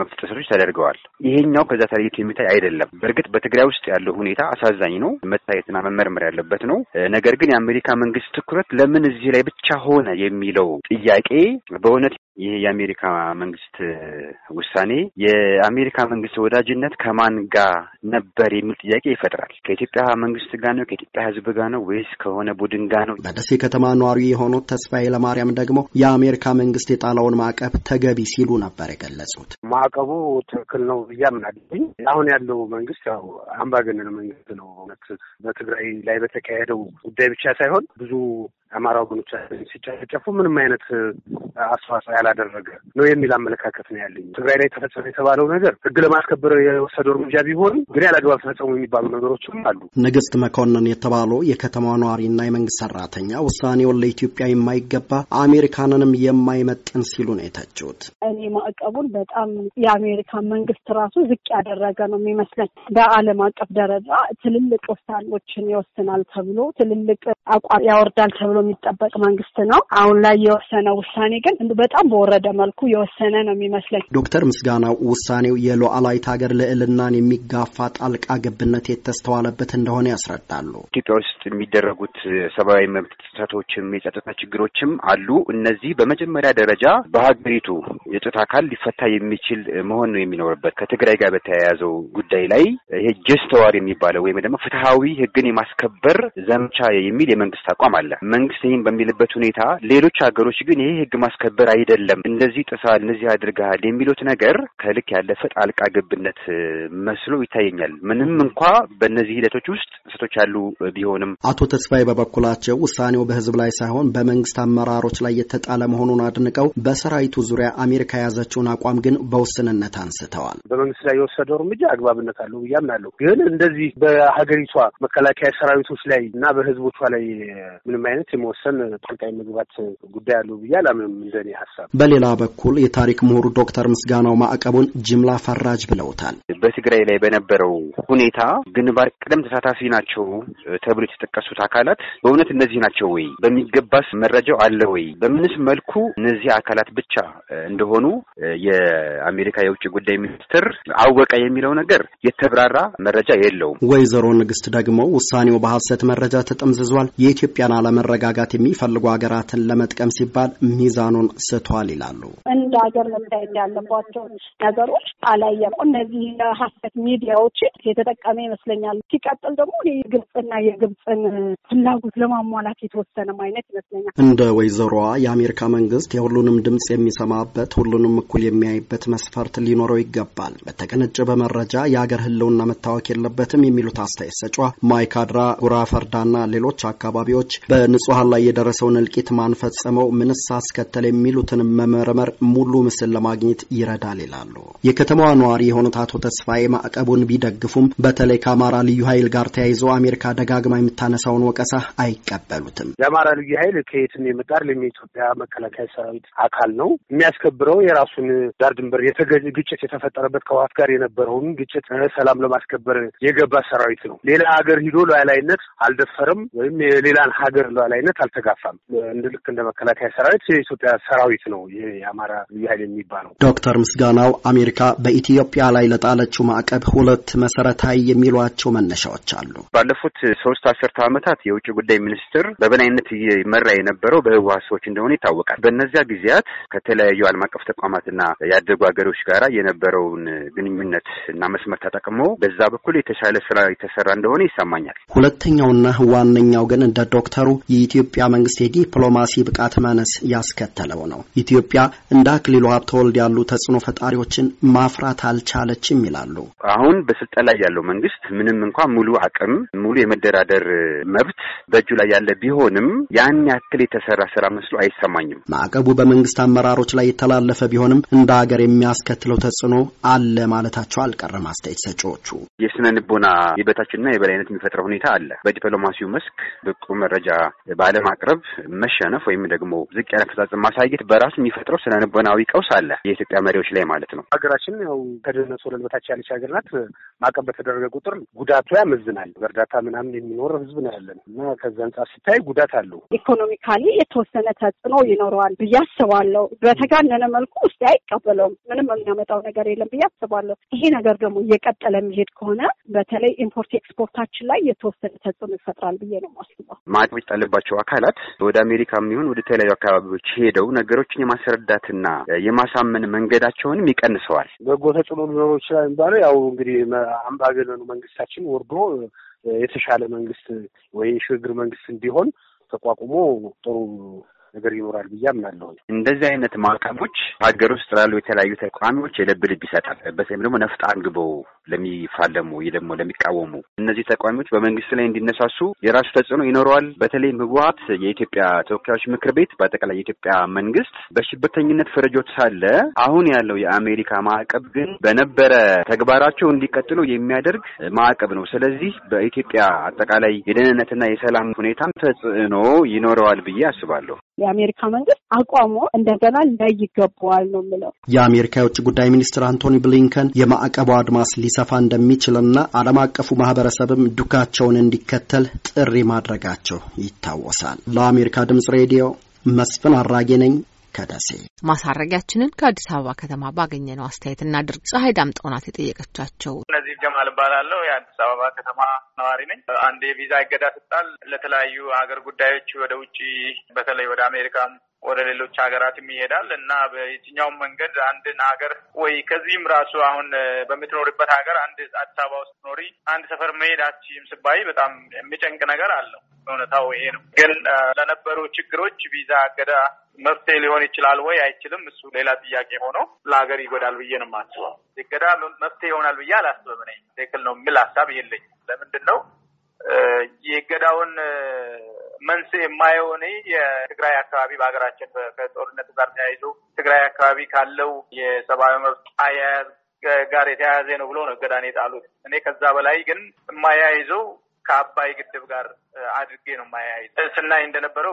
መብት ጥሰቶች ተደርገዋል። ይሄኛው ከዛ ተለይቶ የሚታይ አይደለም። በእርግጥ በትግራይ ውስጥ ያለው ሁኔታ አሳዛኝ ነው፣ መታየትና መመርመር ያለበት ነው። ነገር ግን የአሜሪካ መንግስት ትኩረት ለምን እዚህ ላይ ብቻ ሆነ የሚለው ጥያቄ በእውነት ይሄ የአሜሪካ መንግስት ውሳኔ የአሜሪካ መንግስት ወዳጅነት ከማን ጋር ነበር የሚል ጥያቄ ይፈጥራል። ከኢትዮጵያ መንግስት ጋር ነው? ከኢትዮጵያ ህዝብ ጋር ነው? ወይስ ከሆነ ቡድን ጋር ነው? በደሴ ከተማ ነዋሪ የሆኑት ተስፋዬ ለማርያም ደግሞ የአሜሪካ መንግስት የጣለውን ማዕቀብ ተገቢ ሲሉ ነበር የገለጹት። ማዕቀቡ ትክክል ነው ብዬ አምናለሁኝ። አሁን ያለው መንግስት ያው አምባገነን መንግስት ነው። በትግራይ ላይ በተካሄደው ጉዳይ ብቻ ሳይሆን ብዙ አማራ ወገኖቻችን ሲጨፈጨፉ ምንም አይነት አስተዋጽኦ ያላደረገ ነው የሚል አመለካከት ነው ያለኝ። ትግራይ ላይ ተፈጸመ የተባለው ነገር ህግ ለማስከበር የወሰደው እርምጃ ቢሆንም ግን ያላግባብ ተፈጸሙ የሚባሉ ነገሮችም አሉ። ንግስት መኮንን የተባለው የከተማ ነዋሪና የመንግስት ሰራተኛ ውሳኔውን ለኢትዮጵያ የማይገባ አሜሪካንንም የማይመጥን ሲሉ ነው የተቹት። እኔ ማዕቀቡን በጣም የአሜሪካን መንግስት ራሱ ዝቅ ያደረገ ነው የሚመስለኝ። በዓለም አቀፍ ደረጃ ትልልቅ ውሳኔዎችን ይወስናል ተብሎ ትልልቅ አቋም ያወርዳል ተብሎ ተብሎ የሚጠበቅ መንግስት ነው። አሁን ላይ የወሰነ ውሳኔ ግን በጣም በወረደ መልኩ የወሰነ ነው የሚመስለኝ። ዶክተር ምስጋናው ውሳኔው የሉዓላዊት ሀገር ልዕልናን የሚጋፋ ጣልቃ ገብነት የተስተዋለበት እንደሆነ ያስረዳሉ። ኢትዮጵያ ውስጥ የሚደረጉት ሰብአዊ መብት ጥሰቶችም የጸጥታ ችግሮችም አሉ። እነዚህ በመጀመሪያ ደረጃ በሀገሪቱ የጸጥታ አካል ሊፈታ የሚችል መሆን ነው የሚኖርበት። ከትግራይ ጋር በተያያዘው ጉዳይ ላይ ይሄ ጀስተዋር የሚባለው ወይም ደግሞ ፍትሀዊ ህግን የማስከበር ዘመቻ የሚል የመንግስት አቋም አለ። መንግስት ይህን በሚልበት ሁኔታ ሌሎች ሀገሮች ግን ይሄ ህግ ማስከበር አይደለም፣ እንደዚህ ጥሳል፣ እንደዚህ አድርገሃል የሚሉት ነገር ከልክ ያለፈ ጣልቃ ገብነት መስሎ ይታየኛል። ምንም እንኳ በእነዚህ ሂደቶች ውስጥ ስህተቶች ያሉ ቢሆንም አቶ ተስፋዬ በበኩላቸው ውሳኔው በህዝብ ላይ ሳይሆን በመንግስት አመራሮች ላይ የተጣለ መሆኑን አድንቀው በሰራዊቱ ዙሪያ አሜሪካ የያዘችውን አቋም ግን በውስንነት አንስተዋል። በመንግስት ላይ የወሰደው እርምጃ አግባብነት አለው ብዬ አምናለሁ። ግን እንደዚህ በሀገሪቷ መከላከያ ሰራዊቶች ላይ እና በህዝቦቿ ላይ ምንም አይነት መወሰን ጣልቃ መግባት ጉዳይ አለው ብዬ አላምንም። እንደኔ ሀሳብ። በሌላ በኩል የታሪክ ምሁሩ ዶክተር ምስጋናው ማዕቀቡን ጅምላ ፈራጅ ብለውታል። በትግራይ ላይ በነበረው ሁኔታ ግንባር ቀደም ተሳታፊ ናቸው ተብሎ የተጠቀሱት አካላት በእውነት እነዚህ ናቸው ወይ? በሚገባስ መረጃው አለ ወይ? በምንስ መልኩ እነዚህ አካላት ብቻ እንደሆኑ የአሜሪካ የውጭ ጉዳይ ሚኒስትር አወቀ የሚለው ነገር የተብራራ መረጃ የለውም። ወይዘሮ ንግስት ደግሞ ውሳኔው በሀሰት መረጃ ተጠምዝዟል፣ የኢትዮጵያን አለመረጋ መረጋጋት የሚፈልጉ ሀገራትን ለመጥቀም ሲባል ሚዛኑን ስቷል ይላሉ። እንደ ሀገር መታየት ያለባቸው ነገሮች አላየቁ። እነዚህ የሀሰት ሚዲያዎችን የተጠቀመ ይመስለኛል። ሲቀጥል ደግሞ የግብፅና የግብፅን ፍላጎት ለማሟላት የተወሰነም አይነት ይመስለኛል። እንደ ወይዘሮዋ የአሜሪካ መንግስት የሁሉንም ድምፅ የሚሰማበት ሁሉንም እኩል የሚያይበት መስፈርት ሊኖረው ይገባል። በተቀነጨበ መረጃ የሀገር ህልውና መታወክ የለበትም የሚሉት አስተያየት ሰጫ ማይካድራ፣ ጉራ ፈርዳና ሌሎች አካባቢዎች በንጹህ በመሃል ላይ የደረሰውን እልቂት ማን ፈጸመው፣ ምንስ አስከተለ የሚሉትን መመርመር ሙሉ ምስል ለማግኘት ይረዳል ይላሉ። የከተማዋ ነዋሪ የሆኑት አቶ ተስፋዬ ማዕቀቡን ቢደግፉም በተለይ ከአማራ ልዩ ኃይል ጋር ተያይዞ አሜሪካ ደጋግማ የምታነሳውን ወቀሳ አይቀበሉትም። የአማራ ልዩ ኃይል ከየት የመጣ አይደለም። የኢትዮጵያ መከላከያ ሰራዊት አካል ነው። የሚያስከብረው የራሱን ዳር ድንበር ግጭት የተፈጠረበት ከዋት ጋር የነበረውን ግጭት ሰላም ለማስከበር የገባ ሰራዊት ነው። ሌላ ሀገር ሂዶ ሉዓላዊነት አልደፈርም ወይም የሌላን ሀገር ሉዓላዊነት በበላይነት አልተጋፋም። እንደ ልክ እንደ መከላከያ ሰራዊት የኢትዮጵያ ሰራዊት ነው ይሄ የአማራ ልዩ ኃይል የሚባለው። ዶክተር ምስጋናው አሜሪካ በኢትዮጵያ ላይ ለጣለችው ማዕቀብ ሁለት መሰረታዊ የሚሏቸው መነሻዎች አሉ። ባለፉት ሶስት አስርተ ዓመታት የውጭ ጉዳይ ሚኒስትር በበላይነት እየመራ የነበረው በህወሓት ሰዎች እንደሆነ ይታወቃል። በእነዚያ ጊዜያት ከተለያዩ ዓለም አቀፍ ተቋማትና ያደጉ ሀገሮች ጋራ የነበረውን ግንኙነት እና መስመር ተጠቅሞ በዛ በኩል የተሻለ ስራ የተሰራ እንደሆነ ይሰማኛል። ሁለተኛውና ዋነኛው ግን እንደ ዶክተሩ የኢትዮጵያ መንግስት የዲፕሎማሲ ብቃት ማነስ ያስከተለው ነው። ኢትዮጵያ እንደ አክሊሉ ሀብተወልድ ያሉ ተጽዕኖ ፈጣሪዎችን ማፍራት አልቻለችም ይላሉ። አሁን በስልጣን ላይ ያለው መንግስት ምንም እንኳ ሙሉ አቅም ሙሉ የመደራደር መብት በእጁ ላይ ያለ ቢሆንም ያን ያክል የተሰራ ስራ መስሎ አይሰማኝም። ማዕቀቡ በመንግስት አመራሮች ላይ የተላለፈ ቢሆንም እንደ ሀገር የሚያስከትለው ተጽዕኖ አለ ማለታቸው አልቀረም። አስተያየት ሰጪዎቹ የስነ ልቦና የበታችና የበላይነት የሚፈጥረው ሁኔታ አለ። በዲፕሎማሲው መስክ ብቁ መረጃ ባለማቅረብ መሸነፍ ወይም ደግሞ ዝቅ ያለ አፈጻጸም ማሳየት በራሱ የሚፈጥረው ስነ ቀውስ አለ የኢትዮጵያ መሪዎች ላይ ማለት ነው። ሀገራችን ያው ከድህነት ወለል በታች ያለች ሀገር ናት። ማዕቀብ በተደረገ ቁጥር ጉዳቱ ያመዝናል። በእርዳታ ምናምን የሚኖር ህዝብ ነው ያለን እና ከዚ አንጻር ሲታይ ጉዳት አለው። ኢኮኖሚካሊ የተወሰነ ተጽዕኖ ይኖረዋል ብዬ አስባለሁ። በተጋነነ መልኩ ውስጥ አይቀበለውም። ምንም የሚያመጣው ነገር የለም ብዬ አስባለሁ። ይሄ ነገር ደግሞ እየቀጠለ የሚሄድ ከሆነ በተለይ ኢምፖርት ኤክስፖርታችን ላይ የተወሰነ ተጽዕኖ ይፈጥራል ብዬ ነው ማስበው። ማዕቀብ ይጣልባቸው ያላቸው አካላት ወደ አሜሪካ የሚሆን ወደ ተለያዩ አካባቢዎች ሄደው ነገሮችን የማስረዳትና የማሳመን መንገዳቸውንም ይቀንሰዋል። በጎ ተጽዕኖ ሊኖረው ይችላል የሚባለው ያው እንግዲህ አምባገነኑ መንግስታችን ወርዶ የተሻለ መንግስት ወይ የሽግግር መንግስት እንዲሆን ተቋቁሞ ጥሩ ነገር ይኖራል ብዬ አምናለሁ። እንደዚህ አይነት ማዕቀቦች ሀገር ውስጥ ላሉ የተለያዩ ተቃዋሚዎች የልብ ልብ ይሰጣል። በተለይም ደግሞ ነፍጥ አንግቦ ለሚፋለሙ ወይ ደግሞ ለሚቃወሙ እነዚህ ተቃዋሚዎች በመንግስት ላይ እንዲነሳሱ የራሱ ተጽዕኖ ይኖረዋል። በተለይም ህወሀት የኢትዮጵያ ተወካዮች ምክር ቤት በአጠቃላይ የኢትዮጵያ መንግስት በሽብርተኝነት ፍረጆች ሳለ አሁን ያለው የአሜሪካ ማዕቀብ ግን በነበረ ተግባራቸው እንዲቀጥሉ የሚያደርግ ማዕቀብ ነው። ስለዚህ በኢትዮጵያ አጠቃላይ የደህንነትና የሰላም ሁኔታም ተጽዕኖ ይኖረዋል ብዬ አስባለሁ። የአሜሪካ መንግስት አቋሙ እንደገና ላይ ይገባዋል ነው የምለው። የአሜሪካ የውጭ ጉዳይ ሚኒስትር አንቶኒ ብሊንከን የማዕቀቡ አድማስ ሊሰፋ እንደሚችልና ዓለም አቀፉ ማህበረሰብም ዱካቸውን እንዲከተል ጥሪ ማድረጋቸው ይታወሳል። ለአሜሪካ ድምጽ ሬዲዮ መስፍን አራጌ ነኝ። ከደሴ ማሳረጊያችንን ከአዲስ አበባ ከተማ ባገኘነው አስተያየት እናድርግ። ፀሐይ ዳምጠው የጠየቀቻቸው። እነዚህ ጀማል እባላለሁ የአዲስ አበባ ከተማ ነዋሪ ነኝ። አንድ የቪዛ እገዳ ስጣል ለተለያዩ ሀገር ጉዳዮች ወደ ውጭ በተለይ ወደ አሜሪካም ወደ ሌሎች ሀገራትም ይሄዳል እና በየትኛውም መንገድ አንድን ሀገር ወይ ከዚህም ራሱ አሁን በምትኖርበት ሀገር አንድ አዲስ አበባ ውስጥ ኖሪ አንድ ሰፈር መሄድ አትችይም ስባይ በጣም የሚጨንቅ ነገር አለው። እውነታው ይሄ ነው። ግን ለነበሩ ችግሮች ቪዛ እገዳ መፍትሄ ሊሆን ይችላል ወይ አይችልም፣ እሱ ሌላ ጥያቄ ሆኖ ለሀገር ይጎዳል ብዬ ነው የማስበው። እገዳ መፍትሄ ይሆናል ብዬ አላስብም። እኔ ትክክል ነው የሚል ሀሳብ የለኝ። ለምንድን ነው የእገዳውን መንስኤ የማየው እኔ የትግራይ አካባቢ በሀገራችን ከጦርነቱ ጋር ተያይዞ ትግራይ አካባቢ ካለው የሰብአዊ መብት አያያዝ ጋር የተያያዘ ነው ብሎ ነው እገዳን የጣሉት። እኔ ከዛ በላይ ግን የማያይዘው ከአባይ ግድብ ጋር አድርጌ ነው ማያይዝ ስናይ እንደነበረው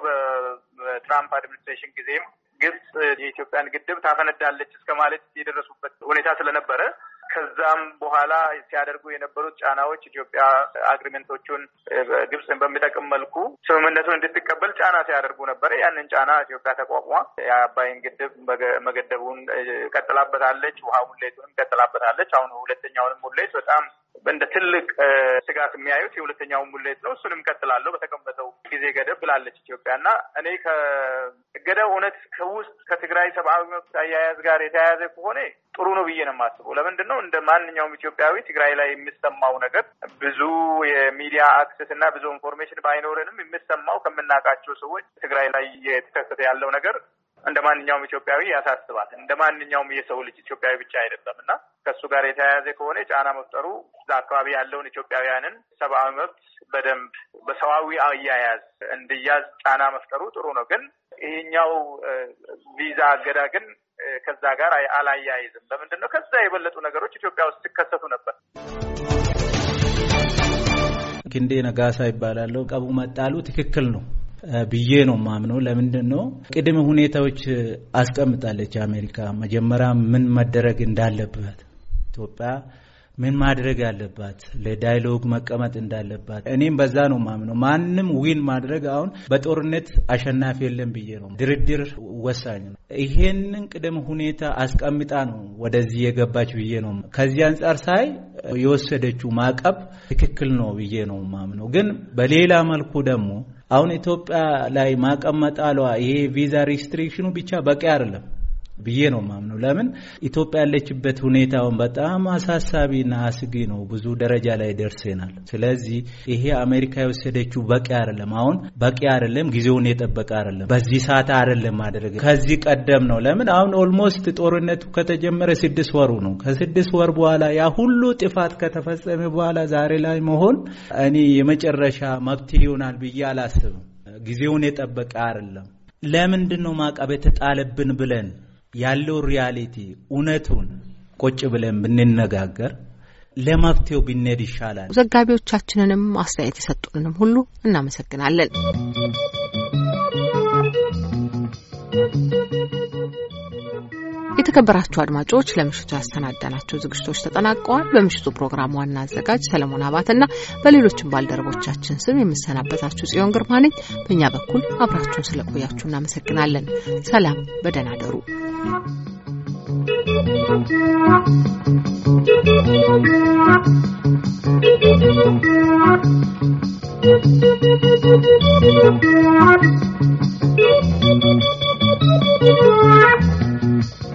በትራምፕ አድሚኒስትሬሽን ጊዜም ግብጽ የኢትዮጵያን ግድብ ታፈነዳለች እስከ ማለት የደረሱበት ሁኔታ ስለነበረ ከዛም በኋላ ሲያደርጉ የነበሩት ጫናዎች ኢትዮጵያ አግሪመንቶቹን ግብጽን በሚጠቅም መልኩ ስምምነቱን እንድትቀበል ጫና ሲያደርጉ ነበረ። ያንን ጫና ኢትዮጵያ ተቋቁማ የአባይን ግድብ መገደቡን ቀጥላበታለች። ውሃ ሙሌቱንም ቀጥላበታለች። አሁን ሁለተኛውንም ሙሌት በጣም እንደ ትልቅ ስጋት የሚያዩት የሁለተኛው ሙሌት ነው። እሱንም ቀጥላለሁ በተቀመጠው ጊዜ ገደብ ብላለች ኢትዮጵያ እና እኔ ከገደብ እውነት ከውስጥ ከትግራይ ሰብአዊ መብት አያያዝ ጋር የተያያዘ ከሆነ ጥሩ ነው ብዬ ነው የማስበው። ለምንድን ነው እንደ ማንኛውም ኢትዮጵያዊ ትግራይ ላይ የሚሰማው ነገር ብዙ የሚዲያ አክሴስ እና ብዙ ኢንፎርሜሽን ባይኖረንም የምሰማው ከምናውቃቸው ሰዎች ትግራይ ላይ እየተከሰተ ያለው ነገር እንደ ማንኛውም ኢትዮጵያዊ ያሳስባል። እንደ ማንኛውም የሰው ልጅ ኢትዮጵያዊ ብቻ አይደለም እና ከእሱ ጋር የተያያዘ ከሆነ ጫና መፍጠሩ እዛ አካባቢ ያለውን ኢትዮጵያውያንን ሰብአዊ መብት በደንብ በሰዋዊ አያያዝ እንዲያዝ ጫና መፍጠሩ ጥሩ ነው። ግን ይህኛው ቪዛ አገዳ ግን ከዛ ጋር አላያይዝም። ለምንድን ነው ከዛ የበለጡ ነገሮች ኢትዮጵያ ውስጥ ሲከሰቱ ነበር። ክንዴ ነጋሳ ይባላለሁ። ቀቡ መጣሉ ትክክል ነው። ብዬ ነው ማምነው። ለምንድን ነው ቅድመ ሁኔታዎች አስቀምጣለች አሜሪካ። መጀመሪያ ምን መደረግ እንዳለበት ኢትዮጵያ ምን ማድረግ አለባት፣ ለዳይሎግ መቀመጥ እንዳለባት እኔም በዛ ነው ማምነው። ማንም ዊን ማድረግ አሁን በጦርነት አሸናፊ የለም ብዬ ነው። ድርድር ወሳኝ ነው። ይሄንን ቅድም ሁኔታ አስቀምጣ ነው ወደዚህ የገባች ብዬ ነው። ከዚህ አንጻር ሳይ የወሰደችው ማዕቀብ ትክክል ነው ብዬ ነው ማምነው። ግን በሌላ መልኩ ደግሞ አሁን ኢትዮጵያ ላይ ማቀመጥ አለዋ ይሄ ቪዛ ሪስትሪክሽኑ ብቻ በቂ አይደለም። ብዬ ነው ማምነው። ለምን ኢትዮጵያ ያለችበት ሁኔታውን በጣም አሳሳቢና አስጊ ነው። ብዙ ደረጃ ላይ ደርሰናል። ስለዚህ ይሄ አሜሪካ የወሰደችው በቂ አይደለም። አሁን በቂ አይደለም፣ ጊዜውን የጠበቀ አይደለም፣ በዚህ ሰዓት አይደለም ማድረግ ከዚህ ቀደም ነው። ለምን አሁን ኦልሞስት ጦርነቱ ከተጀመረ ስድስት ወሩ ነው። ከስድስት ወር በኋላ ያ ሁሉ ጥፋት ከተፈጸመ በኋላ ዛሬ ላይ መሆን እኔ የመጨረሻ መፍትሄ ይሆናል ብዬ አላስብም። ጊዜውን የጠበቀ አይደለም። ለምንድን ነው ማዕቀብ የተጣለብን ብለን ያለው ሪያሊቲ እውነቱን ቁጭ ብለን ብንነጋገር ለመፍትሄው ብንሄድ ይሻላል። ዘጋቢዎቻችንንም አስተያየት የሰጡንንም ሁሉ እናመሰግናለን። የተከበራችሁ አድማጮች ለምሽቱ ያሰናዳናቸው ዝግጅቶች ተጠናቀዋል። በምሽቱ ፕሮግራም ዋና አዘጋጅ ሰለሞን አባትና በሌሎችም ባልደረቦቻችን ስም የምሰናበታችሁ ጽዮን ግርማ ነኝ። በእኛ በኩል አብራችሁን ስለቆያችሁ እናመሰግናለን። ሰላም፣ በደህና you.